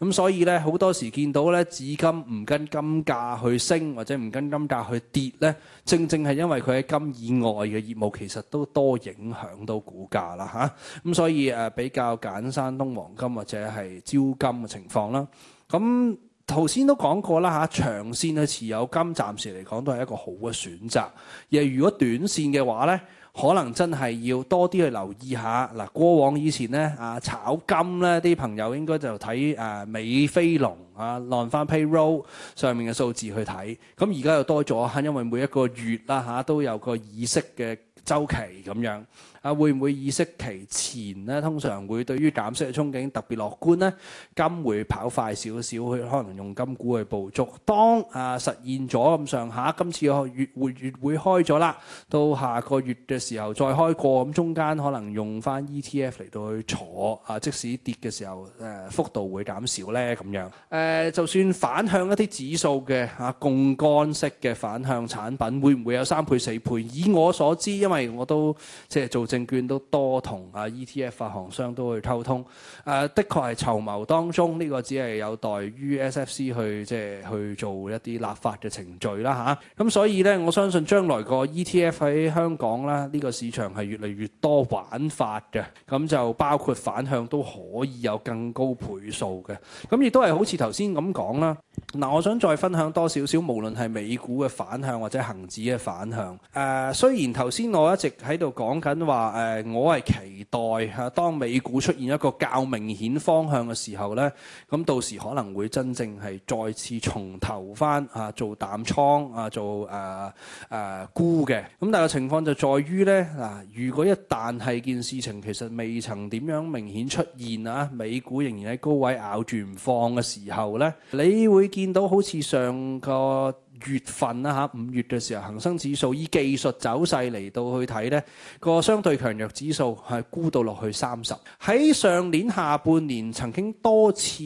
咁所以咧，好多時見到咧，紫金唔跟金價去升，或者唔跟金價去跌咧，正正係因為佢喺金以外嘅業務其實都多影響到股價啦，吓，咁所以誒，比較揀山東黃金或者係招金嘅情況啦。咁頭先都講過啦嚇，長線去持有金，暫時嚟講都係一個好嘅選擇。而如果短線嘅話呢，可能真係要多啲去留意一下嗱。過往以前呢，啊，炒金呢啲朋友應該就睇美非農啊，返翻、啊、payroll 上面嘅數字去睇。咁而家又多咗，因為每一個月啦都有個議息嘅週期咁樣。啊，會唔會意識其前咧？通常會對於減息嘅憧憬特別樂觀呢，金會跑快少少，佢可能用金股去捕捉。當啊實現咗咁上下，今次月會月會開咗啦。到下個月嘅時候再開過，咁中間可能用翻 ETF 嚟到去坐啊。即使跌嘅時候幅度會減少呢。咁樣誒、呃，就算反向一啲指數嘅槓桿式嘅反向產品會唔會有三倍四倍？以我所知，因為我都即係做。證券都多同 ET 啊 ETF 發行商都去溝通，呃、的確係籌謀當中，呢、呢個只係有待於 SFC 去即係去做一啲立法嘅程序啦吓，咁、啊、所以呢，我相信將來個 ETF 喺香港啦，呢、呢個市場係越嚟越多玩法嘅，咁就包括反向都可以有更高倍數嘅，咁亦都係好似頭先咁講啦。嗱，我想再分享多少少，無論係美股嘅反向或者恒指嘅反向。誒，雖然頭先我一直喺度講緊話，誒我係期待嚇當美股出現一個較明顯的方向嘅時候呢，咁到時可能會真正係再次重投翻做淡倉啊，做誒誒沽嘅。咁、呃呃、但係個情況就在於呢，嗱，如果一旦係件事情其實未曾點樣明顯出現啊，美股仍然喺高位咬住唔放嘅時候呢，你會，會見到好似上個月份啦，吓，五月嘅時候，恒生指數以技術走勢嚟到去睇咧，個相對強弱指數係沽到落去三十。喺上年下半年曾經多次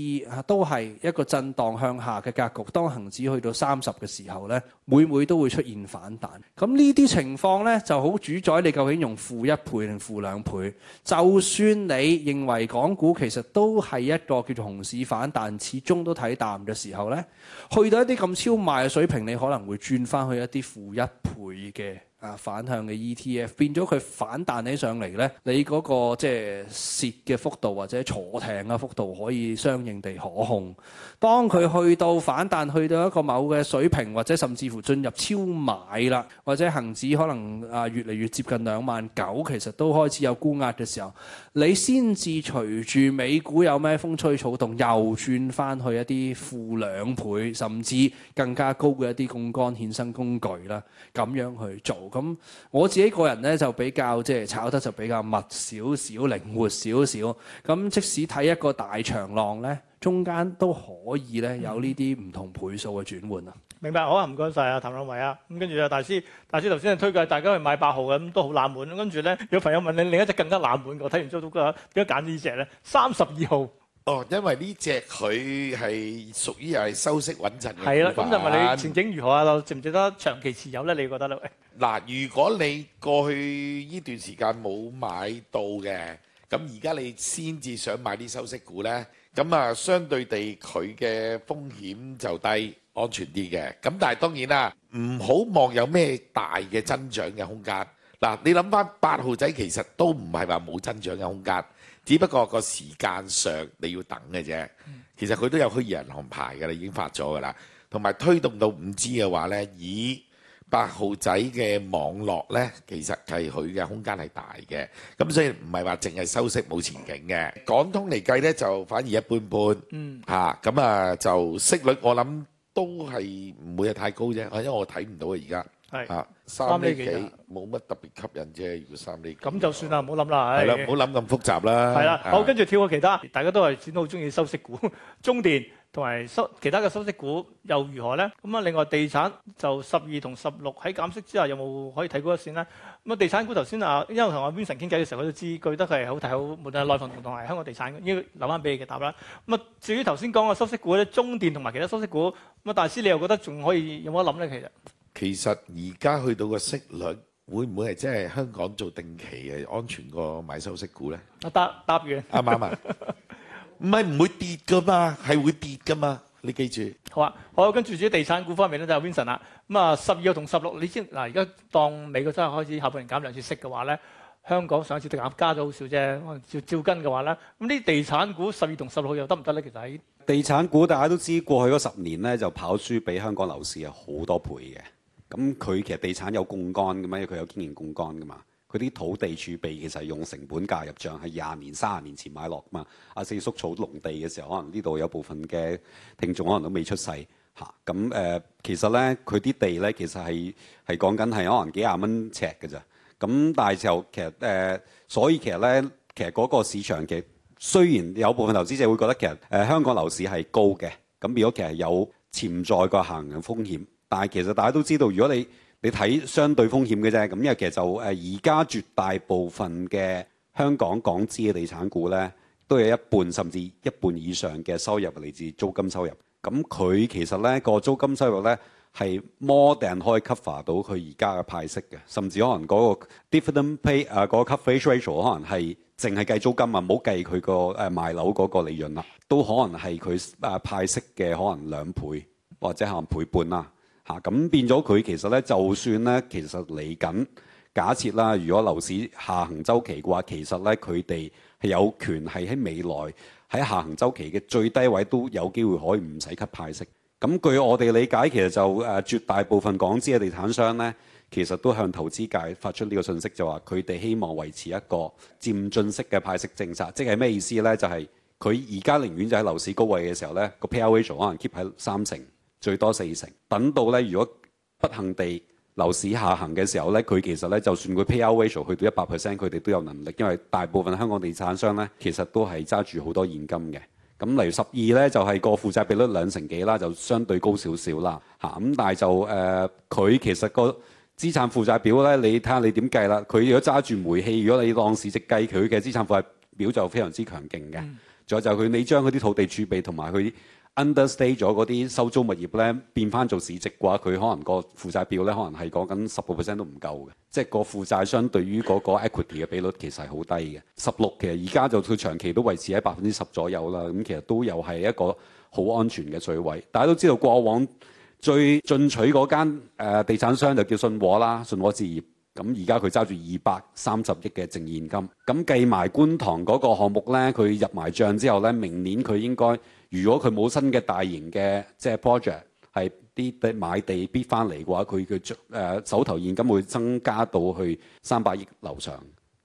都係一個震盪向下嘅格局。當恒指去到三十嘅時候咧，每每都會出現反彈，咁呢啲情況咧就好主宰你究竟用負一倍定負兩倍。就算你認為港股其實都係一個叫做熊市反彈始終都睇淡嘅時候咧，去到一啲咁超賣嘅水平。你可能會轉翻去一啲負一倍嘅，啊，反向嘅 ETF 變咗佢反彈起上嚟咧，你嗰個即係蝕嘅幅度或者坐艇嘅幅度可以相應地可控。當佢去到反彈去到一個某嘅水平，或者甚至乎進入超買啦，或者恒指可能啊越嚟越接近兩萬九，其實都開始有沽壓嘅時候，你先至隨住美股有咩風吹草動又轉翻去一啲負兩倍甚至更加高嘅一啲槓桿衍生工具啦，咁樣去做。咁我自己個人咧就比較即係、就是、炒得就比較密少少，靈活少少。咁即使睇一個大長浪咧，中間都可以咧有呢啲唔同倍數嘅轉換啊。嗯，明白，好啊，唔該晒啊，譚朗蔚啊。咁跟住啊，大師，大師頭先推介大家去買八號嘅，咁都好冷門。跟住咧，有朋友問你，你另一隻更加冷門，我睇完之後都覺得點解揀呢隻咧？三十二號。哦，因為呢隻佢係屬於係收息穩陣嘅股票，咁就問你前景如何啊？值唔值得長期持有咧？你覺得咧？嗱，如果你過去呢段時間冇買到嘅，咁而家你先至想買啲收息股咧，咁啊，相對地佢嘅風險就低，安全啲嘅。咁但係當然啦，唔好望有咩大嘅增長嘅空間。嗱，你諗翻八號仔其實都唔係話冇增長嘅空間。，只不過個時間上你要等嘅啫。其實佢都有虛擬銀行牌㗎啦，已經發咗㗎啦。同埋推動到五 G 嘅話呢，以八號仔嘅網絡呢，其實係佢嘅空間係大嘅。咁所以唔係話淨係收息冇前景嘅。廣通嚟計呢，就反而一般般。嚇、嗯，咁啊就息率我諗都係唔會係太高啫。因為我睇唔到啊而家。係是啊，三厘幾冇乜特別吸引啫。如果三厘咁就算啦，唔好諗啦。係啦，唔好諗咁複雜啦。係啦，好，跟住跳過其他，大家都係始終好中意收,收,、嗯、收息股，中電同埋收其他嘅收息股又如何咧？咁啊，另外地產就十二同十六喺減息之後有冇可以睇高一線咧？咁啊，地產股頭先啊，因為我同阿 Vincent 傾偈嘅時候，我都知，佢都係好睇好，無論內房同同係香港地產。呢個諗翻俾你嘅答啦。咁啊，至於頭先講嘅收息股咧，中電同埋其他收息股，咁啊，大師你又覺得仲可以有冇得諗咧？其實？其實而家去到個息率，會唔會係真係香港做定期嘅安全過買收息股咧？啊答答完對吧。阿媽咪，唔係唔會跌噶嘛，係會跌噶嘛，你記住。好啊，好，跟住啲地產股方面咧，就係 Vincent 啦。咁啊，十二同十六，你先嗱，而家當美國真係開始下半年減兩次息嘅話咧，香港上一次定然加咗好少啫，照照跟嘅話咧，咁啲地產股十二同十六又得唔得咧？其實喺地產股大家都知，過去嗰十年咧就跑輸比香港樓市啊好多倍嘅。咁佢其實地產有槓杆嘅咩？佢有經營槓杆噶嘛？佢啲土地儲備其實用成本價入賬，係廿年、三十年前買落嘛。阿、啊、四叔草農地嘅時候，可能呢度有部分嘅聽眾可能都未出世吓。咁、啊、誒、嗯，其實咧佢啲地咧，其實係係講緊係可能幾廿蚊尺嘅咋。咁、嗯、但係就其實誒、呃。所以其實咧，其實嗰個市場其實雖然有部分投資者會覺得其實誒、呃、香港樓市係高嘅，咁如果其實有潛在個下行風險。但係其實大家都知道，如果你你睇相對風險嘅啫，咁因為其實就誒而家絕大部分嘅香港港資嘅地產股咧，都有一半甚至一半以上嘅收入嚟自租金收入。咁、嗯、佢其實咧、嗰個租金收入咧係 more than 可以 cover 到佢而家嘅派息嘅，甚至可能嗰個 dividend pay 啊，嗰個 coverage ratio 可能係淨係計租金它的啊，唔好計佢個誒賣樓嗰個利潤啦，都可能係佢誒派息嘅可能兩倍或者可能倍半啦。咁、啊、變咗佢其實咧，就算咧，其實嚟緊假設啦，如果樓市下行周期嘅話，其實咧佢哋係有權係喺未來喺下行周期嘅最低位都有機會可以唔使給派息。咁、啊、據我哋理解，其實就、啊、絕大部分港資嘅地產商咧，其實都向投資界發出呢個訊息，就話佢哋希望維持一個漸進式嘅派息政策。即係咩意思咧？就係佢而家寧願就喺樓市高位嘅時候咧，個 payout 可能 keep 喺三成。最多四成，等到咧，如果不幸地樓市下行嘅時候咧，佢其實咧就算佢 payout ratio 去到一百 percent，佢哋都有能力，因為大部分香港地產商咧其實都係揸住好多現金嘅。咁例如十二咧，就係、是、個負債比率兩成幾啦，就相對高少少啦嚇。咁、嗯、但係就誒，佢、呃、其實個資產負債表咧，你睇下你點計啦。佢如果揸住煤氣，如果你當市值計佢嘅資產負債表就非常之強勁嘅。嗯。仲有就佢，你將佢啲土地儲備同埋佢。understate 咗嗰啲收租物業咧，變翻做市值嘅話，佢可能個負債表咧，可能係講緊十個 percent 都唔夠嘅，即係個負債商對於嗰個 equity 嘅比率其實係好低嘅，十六其實而家就佢長期都維持喺百分之十左右啦，咁其實都有係一個好安全嘅水位。大家都知道過往最進取嗰間誒地產商就叫信和啦，信和置業，咁而家佢揸住二百三十億嘅淨現金，咁計埋觀塘嗰個項目咧，佢入埋帳之後咧，明年佢應該。如果佢冇新嘅大型嘅即係 project 係啲地買地 bid 翻嚟嘅話，佢嘅誒手頭現金會增加到去三百億樓上，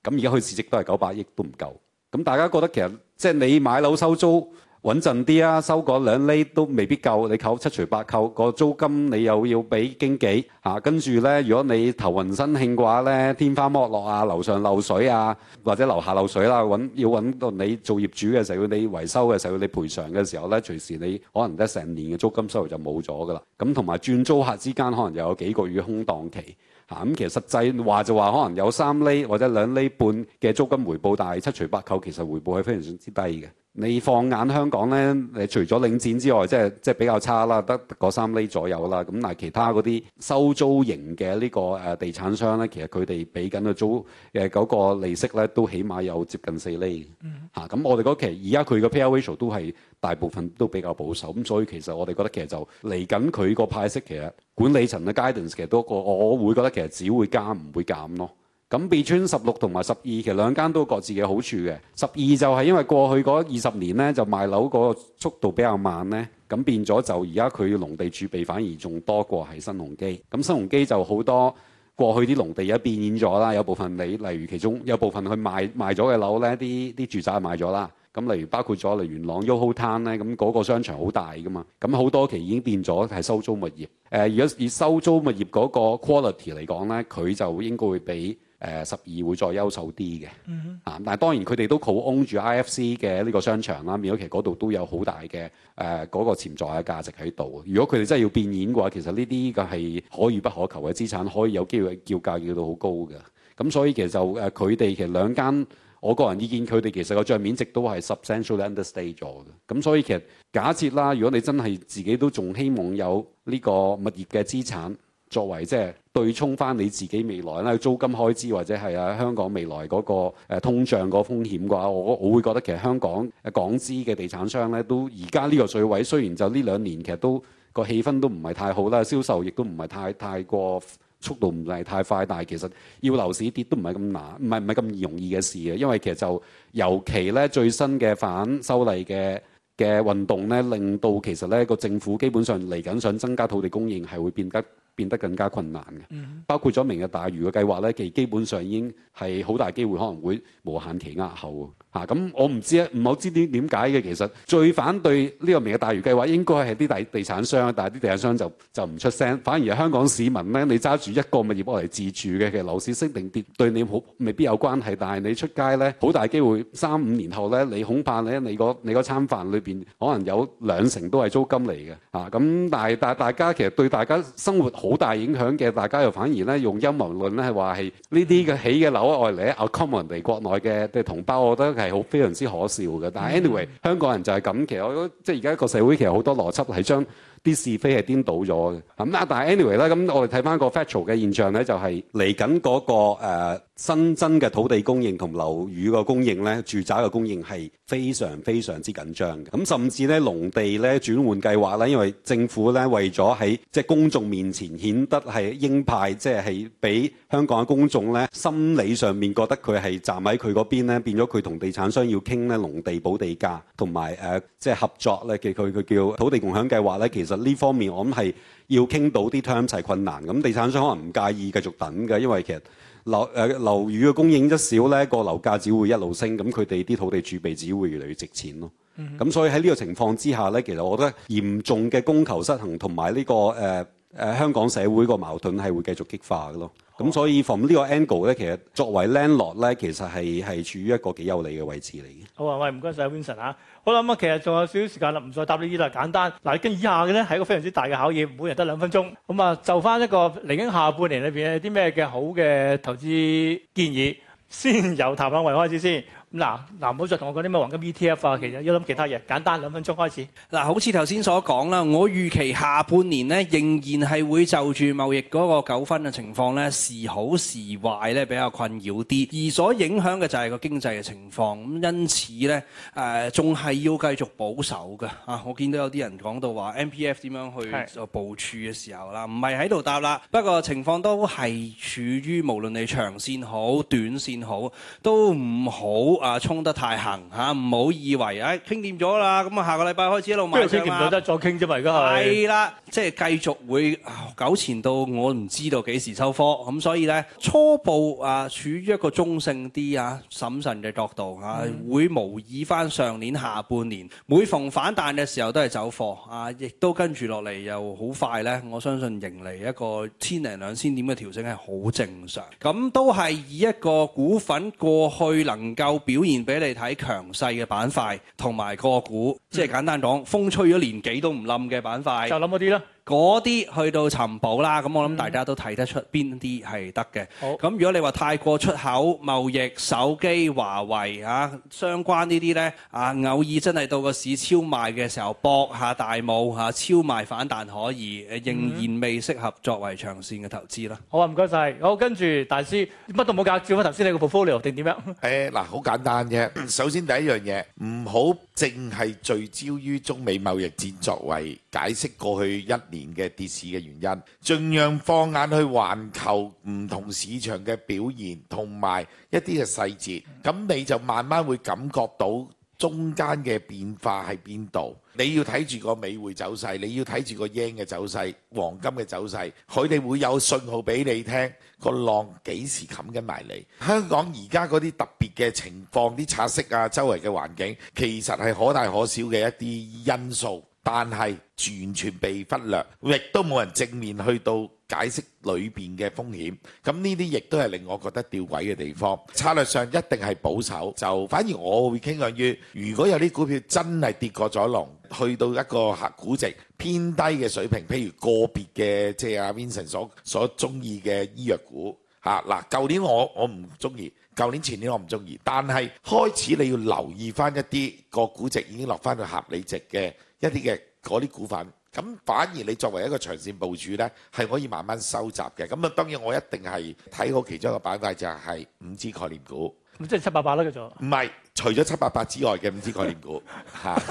咁而家佢市值都係九百億都唔夠，咁大家覺得其實即係、就是、你買樓收租。穩陣啲啊！收嗰兩厘都未必夠，你扣七除八扣，那個租金，你又要俾經紀跟住咧，如果你頭暈身興嘅話咧，天花剝落啊，樓上漏水啊，或者樓下漏水啦，揾要揾到你做業主嘅時候，你維修嘅時候，要你賠償嘅時候咧，隨時你可能一成年嘅租金收入就冇咗噶啦。咁同埋轉租客之間，可能又有幾個月空檔期。啊，咁、嗯、其實實際話就話，可能有三厘或者兩厘半嘅租金回報，但係七除八扣，其實回報係非常之低嘅。你放眼香港咧，誒除咗領展之外，即係即係比較差啦，得個三厘左右啦。咁但係其他嗰啲收租型嘅呢、這個誒、啊、地產商咧，其實佢哋俾緊嘅租誒嗰、那個利息咧，都起碼有接近四厘的。嗯，咁、嗯、我哋嗰期而家佢嘅 payout ratio 都係。大部分都比較保守，咁所以其實我哋覺得其實就嚟緊佢個派息，其實管理層嘅 guidance 其實都，我會覺得其實只會加唔會減咯。咁 between 十六同埋十二，其實兩間都各自嘅好處嘅。十二就係因為過去嗰二十年咧，就賣樓個速度比較慢咧，咁變咗就而家佢農地儲備反而仲多過係新鴻基。咁新鴻基就好多過去啲農地而家變現咗啦，有部分你例如其中有部分佢賣賣咗嘅樓咧，啲啲住宅賣咗啦。咁例如包括咗嚟元朗 Yoho Town 咧，咁嗰個商場好大噶嘛，咁好多期已經變咗係收租物業。誒、呃，如果以收租物業嗰個 quality 嚟講咧，佢就應該會比誒十二會再優秀啲嘅。嗯哼、mm。Hmm. 啊，但係當然佢哋都好 own 住 IFC 嘅呢個商場啦，廟宇期嗰度都有好大嘅誒嗰個潛在嘅價值喺度。如果佢哋真係要變現嘅話，其實呢啲嘅係可遇不可求嘅資產可以有機會叫價叫到好高嘅。咁所以其實就誒佢哋其實兩間。我個人意見，佢哋其實個帳面值都係 substantially understated 咗嘅。咁所以其實假設啦，如果你真係自己都仲希望有呢個物業嘅資產作為即係對沖翻你自己未來啦租金開支，或者係啊香港未來嗰個通脹個風險嘅話，我我會覺得其實香港港資嘅地產商咧，都而家呢個水位雖然就呢兩年其實都，這個氣氛都唔係太好啦，銷售亦都唔係太太過。速度唔係太快，但係其實要樓市跌都唔係咁難，唔係唔係咁容易嘅事啊，因為其實就尤其咧最新嘅反修例嘅嘅運動咧，令到其實咧個政府基本上嚟緊想增加土地供應，係會變得。變得更加困難嘅，包括咗明日大嶼嘅計劃咧，其基本上已經係好大機會可能會無限期押後啊！咁、嗯、我唔知唔好知啲點解嘅，其實最反對呢個明日大嶼計劃應該係啲大地產商，但係啲地產商就就唔出聲，反而係香港市民咧，你揸住一個物業攞嚟自住嘅，其實樓市升定跌對你好未必有關係。但係你出街咧，好大機會三五年後咧，你恐怕咧你、嗰個你個餐飯裏邊可能有兩成都係租金嚟嘅啊！咁、嗯、但係但係大家其實對大家生活。好大影響嘅，大家又反而咧用陰謀論咧話係呢啲嘅起嘅樓喺外嚟，attack 埋嚟國內嘅嘅同胞，我覺得係好非常之可笑嘅。但係 anyway，香港人就係咁，其實我即係而家個社會其實好多邏輯係將啲是非係顛倒咗嘅。咁啊，但係 anyway 咧，咁我哋睇翻個 factual 嘅現象咧，就係嚟緊嗰個、uh, 新增嘅土地供應同樓宇嘅供應呢，住宅嘅供應係非常非常之緊張，嘅。咁甚至呢，農地呢轉換計劃呢，因為政府呢為咗喺即係公衆面前顯得係鷹派，即係係俾香港嘅公衆呢心理上面覺得佢係站喺佢嗰邊呢變變咗佢同地產商要傾呢農地補地價同埋誒即係合作呢，嘅。佢佢叫土地共享計劃呢，其實呢方面我諗係要傾到啲 term 齊困難，咁，地產商可能唔介意繼續等嘅，因為其實。樓誒樓宇嘅供應一少，呢個樓價只會一路升，咁佢哋啲土地儲備只會越嚟越值錢囉。咁、嗯、哼所以喺呢個情況之下呢，其實我覺得嚴重嘅供求失衡同埋呢個誒。呃誒、呃、香港社會個矛盾係會繼續激化嘅咯，咁、哦、所以從呢個 angle 咧，其實作為 landlord 咧，其實係係處於一個幾有利嘅位置嚟嘅。好啊，喂，唔該晒 Vincent 嚇。好啦，咁啊，其實仲有少少時間啦，唔再答你依度簡單。嗱，跟以下嘅咧係一個非常之大嘅考驗，每日得兩分鐘。咁啊，就翻一個嚟緊下半年裏邊有啲咩嘅好嘅投資建議，先由譚朗蔚開始先。嗱嗱，唔好再同我講啲咩黃金 ETF 啊，其實要諗其他嘢，簡單兩分鐘開始。嗱，好似頭先所講啦，我預期下半年咧仍然係會就住貿易嗰個糾紛嘅情況咧，時好時壞咧，比較困擾啲，而所影響嘅就係個經濟嘅情況。咁因此咧，誒仲係要繼續保守嘅啊！我見到有啲人講到話 MPF 點樣去部署嘅時候啦，唔係喺度答啦。不過情況都係處於無論你長線好、短線好都唔好。啊，衝得太行嚇，唔、啊、好以為啊，傾掂咗啦，咁啊、嗯，下個禮拜開始一路買啦。即係傾得再傾啫嘛，而家係。係啦，即、就、係、是、繼續會、啊、糾纏到我唔知道幾時收科，咁所以呢，初步啊處於一個中性啲啊審慎嘅角度啊，嗯、會模擬翻上年下半年每逢反彈嘅時候都係走貨啊，亦都跟住落嚟又好快呢我相信迎嚟一個千零兩千點嘅調整係好正常，咁、啊、都係以一個股份過去能夠。表現俾你睇強勢嘅板塊同埋個股，即係簡單講，風吹咗年幾都唔冧嘅板塊，就諗嗰啲啦。嗰啲去到尋寶啦，咁我諗大家都睇得出邊啲係得嘅。咁好如果你話太過出口貿易、手機、華為啊相關呢啲呢，啊偶爾真係到個市超賣嘅時候博下大霧、啊、超賣反彈可以、啊，仍然未適合作為長線嘅投資啦。嗯、好啊，唔該晒。好，跟住大師乜都冇搞，照翻頭先你個 portfolio 定點樣？誒嗱、欸，好簡單嘅，首先第一樣嘢唔好淨係聚焦於中美貿易戰作為解釋過去一年。嘅跌市嘅原因，盡量放眼去環球唔同市場嘅表現，同埋一啲嘅細節，咁你就慢慢會感覺到中間嘅變化喺邊度。你要睇住個美匯走勢，你要睇住個 yen 嘅走勢、黃金嘅走勢，佢哋會有信號俾你聽個浪幾時冚緊埋嚟。香港而家嗰啲特別嘅情況、啲拆息啊、周圍嘅環境，其實係可大可小嘅一啲因素。但係完全被忽略，亦都冇人正面去到解釋裏邊嘅風險。咁呢啲亦都係令我覺得吊詭嘅地方。策略上一定係保守，就反而我會傾向於，如果有啲股票真係跌過咗龍，去到一個估值偏低嘅水平，譬如個別嘅即係阿 Vincent 所所中意嘅醫藥股嚇嗱。舊年我我唔中意，舊年前年我唔中意，但係開始你要留意翻一啲個估值已經落翻去合理值嘅。一啲嘅嗰啲股份，咁反而你作為一個長線部署呢，係可以慢慢收集嘅。咁啊，當然我一定係睇好其中一個板塊，就係五 G 概念股。咁即係七八八啦嘅左。唔係，除咗七八八之外嘅五 G 概念股。嚇！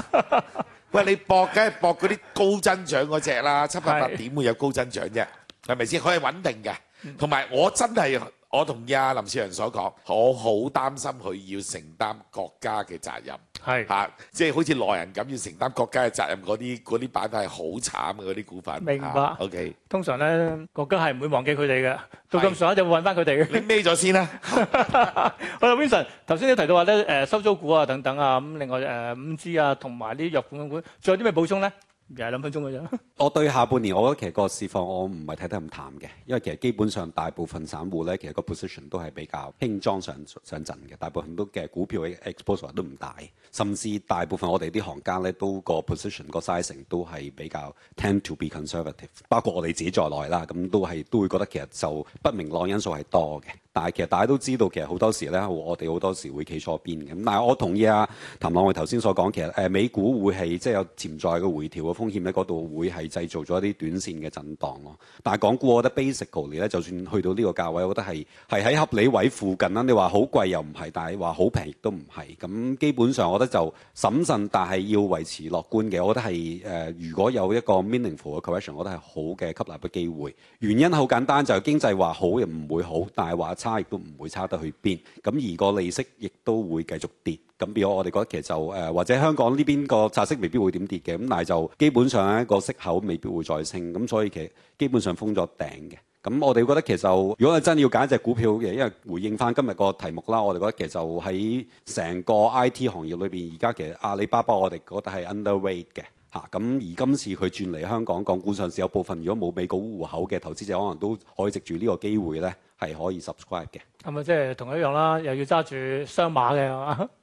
喂，你博梗係博嗰啲高增長嗰隻啦，七八八點會有高增長啫？係咪先？佢係穩定嘅，同埋我真係我同意阿林少陽所講，我好擔心佢要承擔國家嘅責任。係，嚇是，即係、啊就是、好似內人咁要承擔國家嘅責任嗰啲，啲板塊係好慘嘅嗰啲股份。明白。啊、o、okay、K，通常咧，國家係唔會忘記佢哋嘅，是到咁上下就會揾翻佢哋嘅。你孭咗先啦。 *laughs* 好啦，Vincent，頭先你提到話咧，誒，收租股啊，等等啊，咁另外誒，五 G 啊，同埋呢啲藥本嘅股，仲有啲咩補充咧？又兩分鐘嘅啫。我對下半年，我覺得其實個市況我唔係睇得咁淡嘅，因為其實基本上大部分散戶呢，其實個 position 都係比較輕裝上上陣嘅。大部分都嘅股票 exposure 都唔大，甚至大部分我哋啲行家呢，都個 position 個 sizing 都係比較 tend to be conservative，包括我哋自己在內啦，咁都係都會覺得其實就不明朗因素係多嘅。但係其實大家都知道，其實好多時咧，我哋好多時會企錯邊嘅。咁但係我同意啊譚朗蔚，我頭先所講，其實誒、呃、美股會係即係有潛在嘅回調嘅風險喺嗰度，會係製造咗一啲短線嘅震盪咯。但係港股我覺得 basically 咧，就算去到呢個價位，我覺得係係喺合理位附近啦。你話好貴又唔係，但係話好平亦都唔係。咁基本上我覺得就審慎，但係要維持樂觀嘅。我覺得係誒、呃，如果有一個 meaningful 嘅 correction，我覺得係好嘅吸納嘅機會。原因好簡單，就是、經濟話好又唔會好，但係話差亦都唔會差得去邊，咁而個利息亦都會繼續跌。咁變我，我哋覺得其實就誒、呃，或者香港呢邊個債息未必會點跌嘅，咁但係就基本上一個息口未必會再升，咁所以其實基本上封咗頂嘅。咁我哋覺得其實如果係真係要揀一隻股票嘅，因為回應返今日個題目啦，我哋覺得其實就喺成個 I T 行業裏邊，而家其實阿里巴巴我哋覺得係 underweight 嘅。吓，咁而今次佢轉嚟香港港股上市，有部分如果冇美股戶口嘅投資者，可能都可以藉住呢個機會咧，係可以 subscribe 嘅。係咪即係同一樣啦？又要揸住雙馬嘅，係嘛？ *laughs*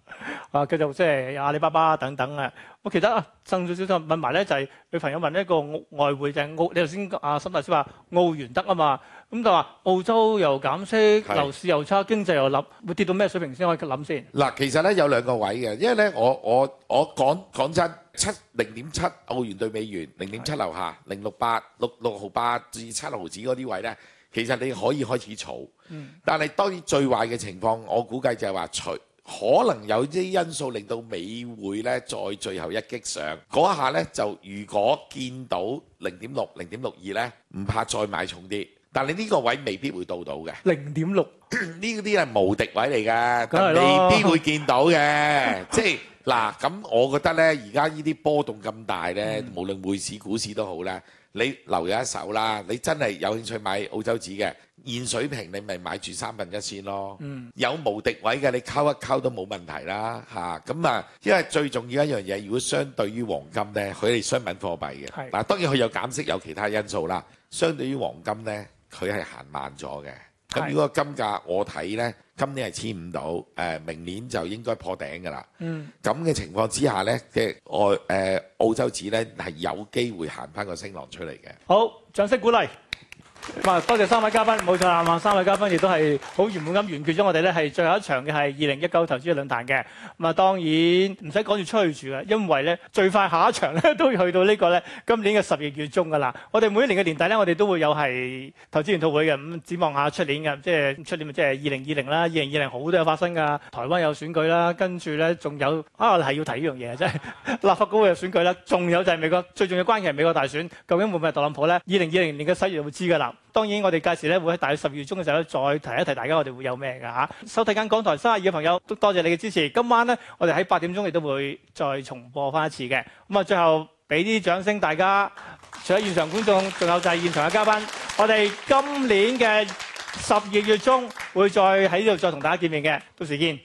啊，佢就即係阿里巴巴等等啊！我其實啊，鄭少少想問埋咧就係，女朋友問一個外匯就係、澳，你頭先阿沈大師話澳元得啊嘛，咁就話澳洲又減息，樓市又差，經濟又冧，會跌到咩水平先可以諗先？嗱，其實咧有兩個位嘅，因為咧我我我講講真，七零點七澳元兌美元，零點七樓下，零六八六六毫八至七毫紙嗰啲位咧，其實你可以開始儲，嗯、但係當然最壞嘅情況，我估計就係話除。可能有啲因素令到美匯，呢再最後一擊上嗰一下呢，就如果見到零點六零點六二呢，唔怕再買重啲，但係你呢個位未必會到到嘅。零點六呢啲係無敵位嚟㗎，未必會見到嘅。即係嗱，咁我覺得呢，而家呢啲波動咁大呢，無論匯市股市都好啦，你留有一手啦，你真係有興趣買澳洲紙嘅。現水平你咪買住三分一先咯，嗯、有無敵位嘅你溝一溝都冇問題啦吓，咁啊，因為最重要一樣嘢，如果相對於黃金呢，佢係商品貨幣嘅，嗱是當然佢有減息有其他因素啦。相對於黃金呢，佢係行慢咗嘅。咁是如果金價我睇呢，今年係千五到，誒明年就應該破頂㗎啦。咁嘅、嗯、情況之下呢，即澳，澳洲紙呢係有機會行翻個升浪出嚟嘅。好，掌聲鼓勵。啊，多謝三位嘉賓，冇錯啦。啊，三位嘉賓亦都係好圓滿咁完結咗我哋咧，係最後一場嘅係二零一九投資月論壇嘅。咁啊，當然唔使趕住出去住啦，因為咧最快下一場咧都要去到呢個咧今年嘅十二月中噶啦。我哋每一年嘅年底咧，我哋都會有係投資圓桌會嘅。咁展望下出年嘅，即係出年即係二零二零啦。二零二零好都有發生噶，台灣有選舉啦，跟住咧仲有啊，係要睇呢樣嘢真係。立法會有選舉啦，仲有就係美國，最重要關鍵係美國大選，究竟會唔會係特朗普咧？二零二零年嘅十月會知噶啦。當然，我哋屆時咧會喺大約十二月中嘅時候再提一提大家。我哋會有咩嘅嚇。收睇緊港台三十二嘅朋友都多謝你嘅支持。今晚呢我哋喺八點鐘亦都會再重播返一次嘅。咁啊，最後畀啲掌聲大家，除咗現場觀眾，仲有就係現場嘅嘉賓。我哋今年嘅十二月中會再喺呢度再同大家見面嘅。到時見。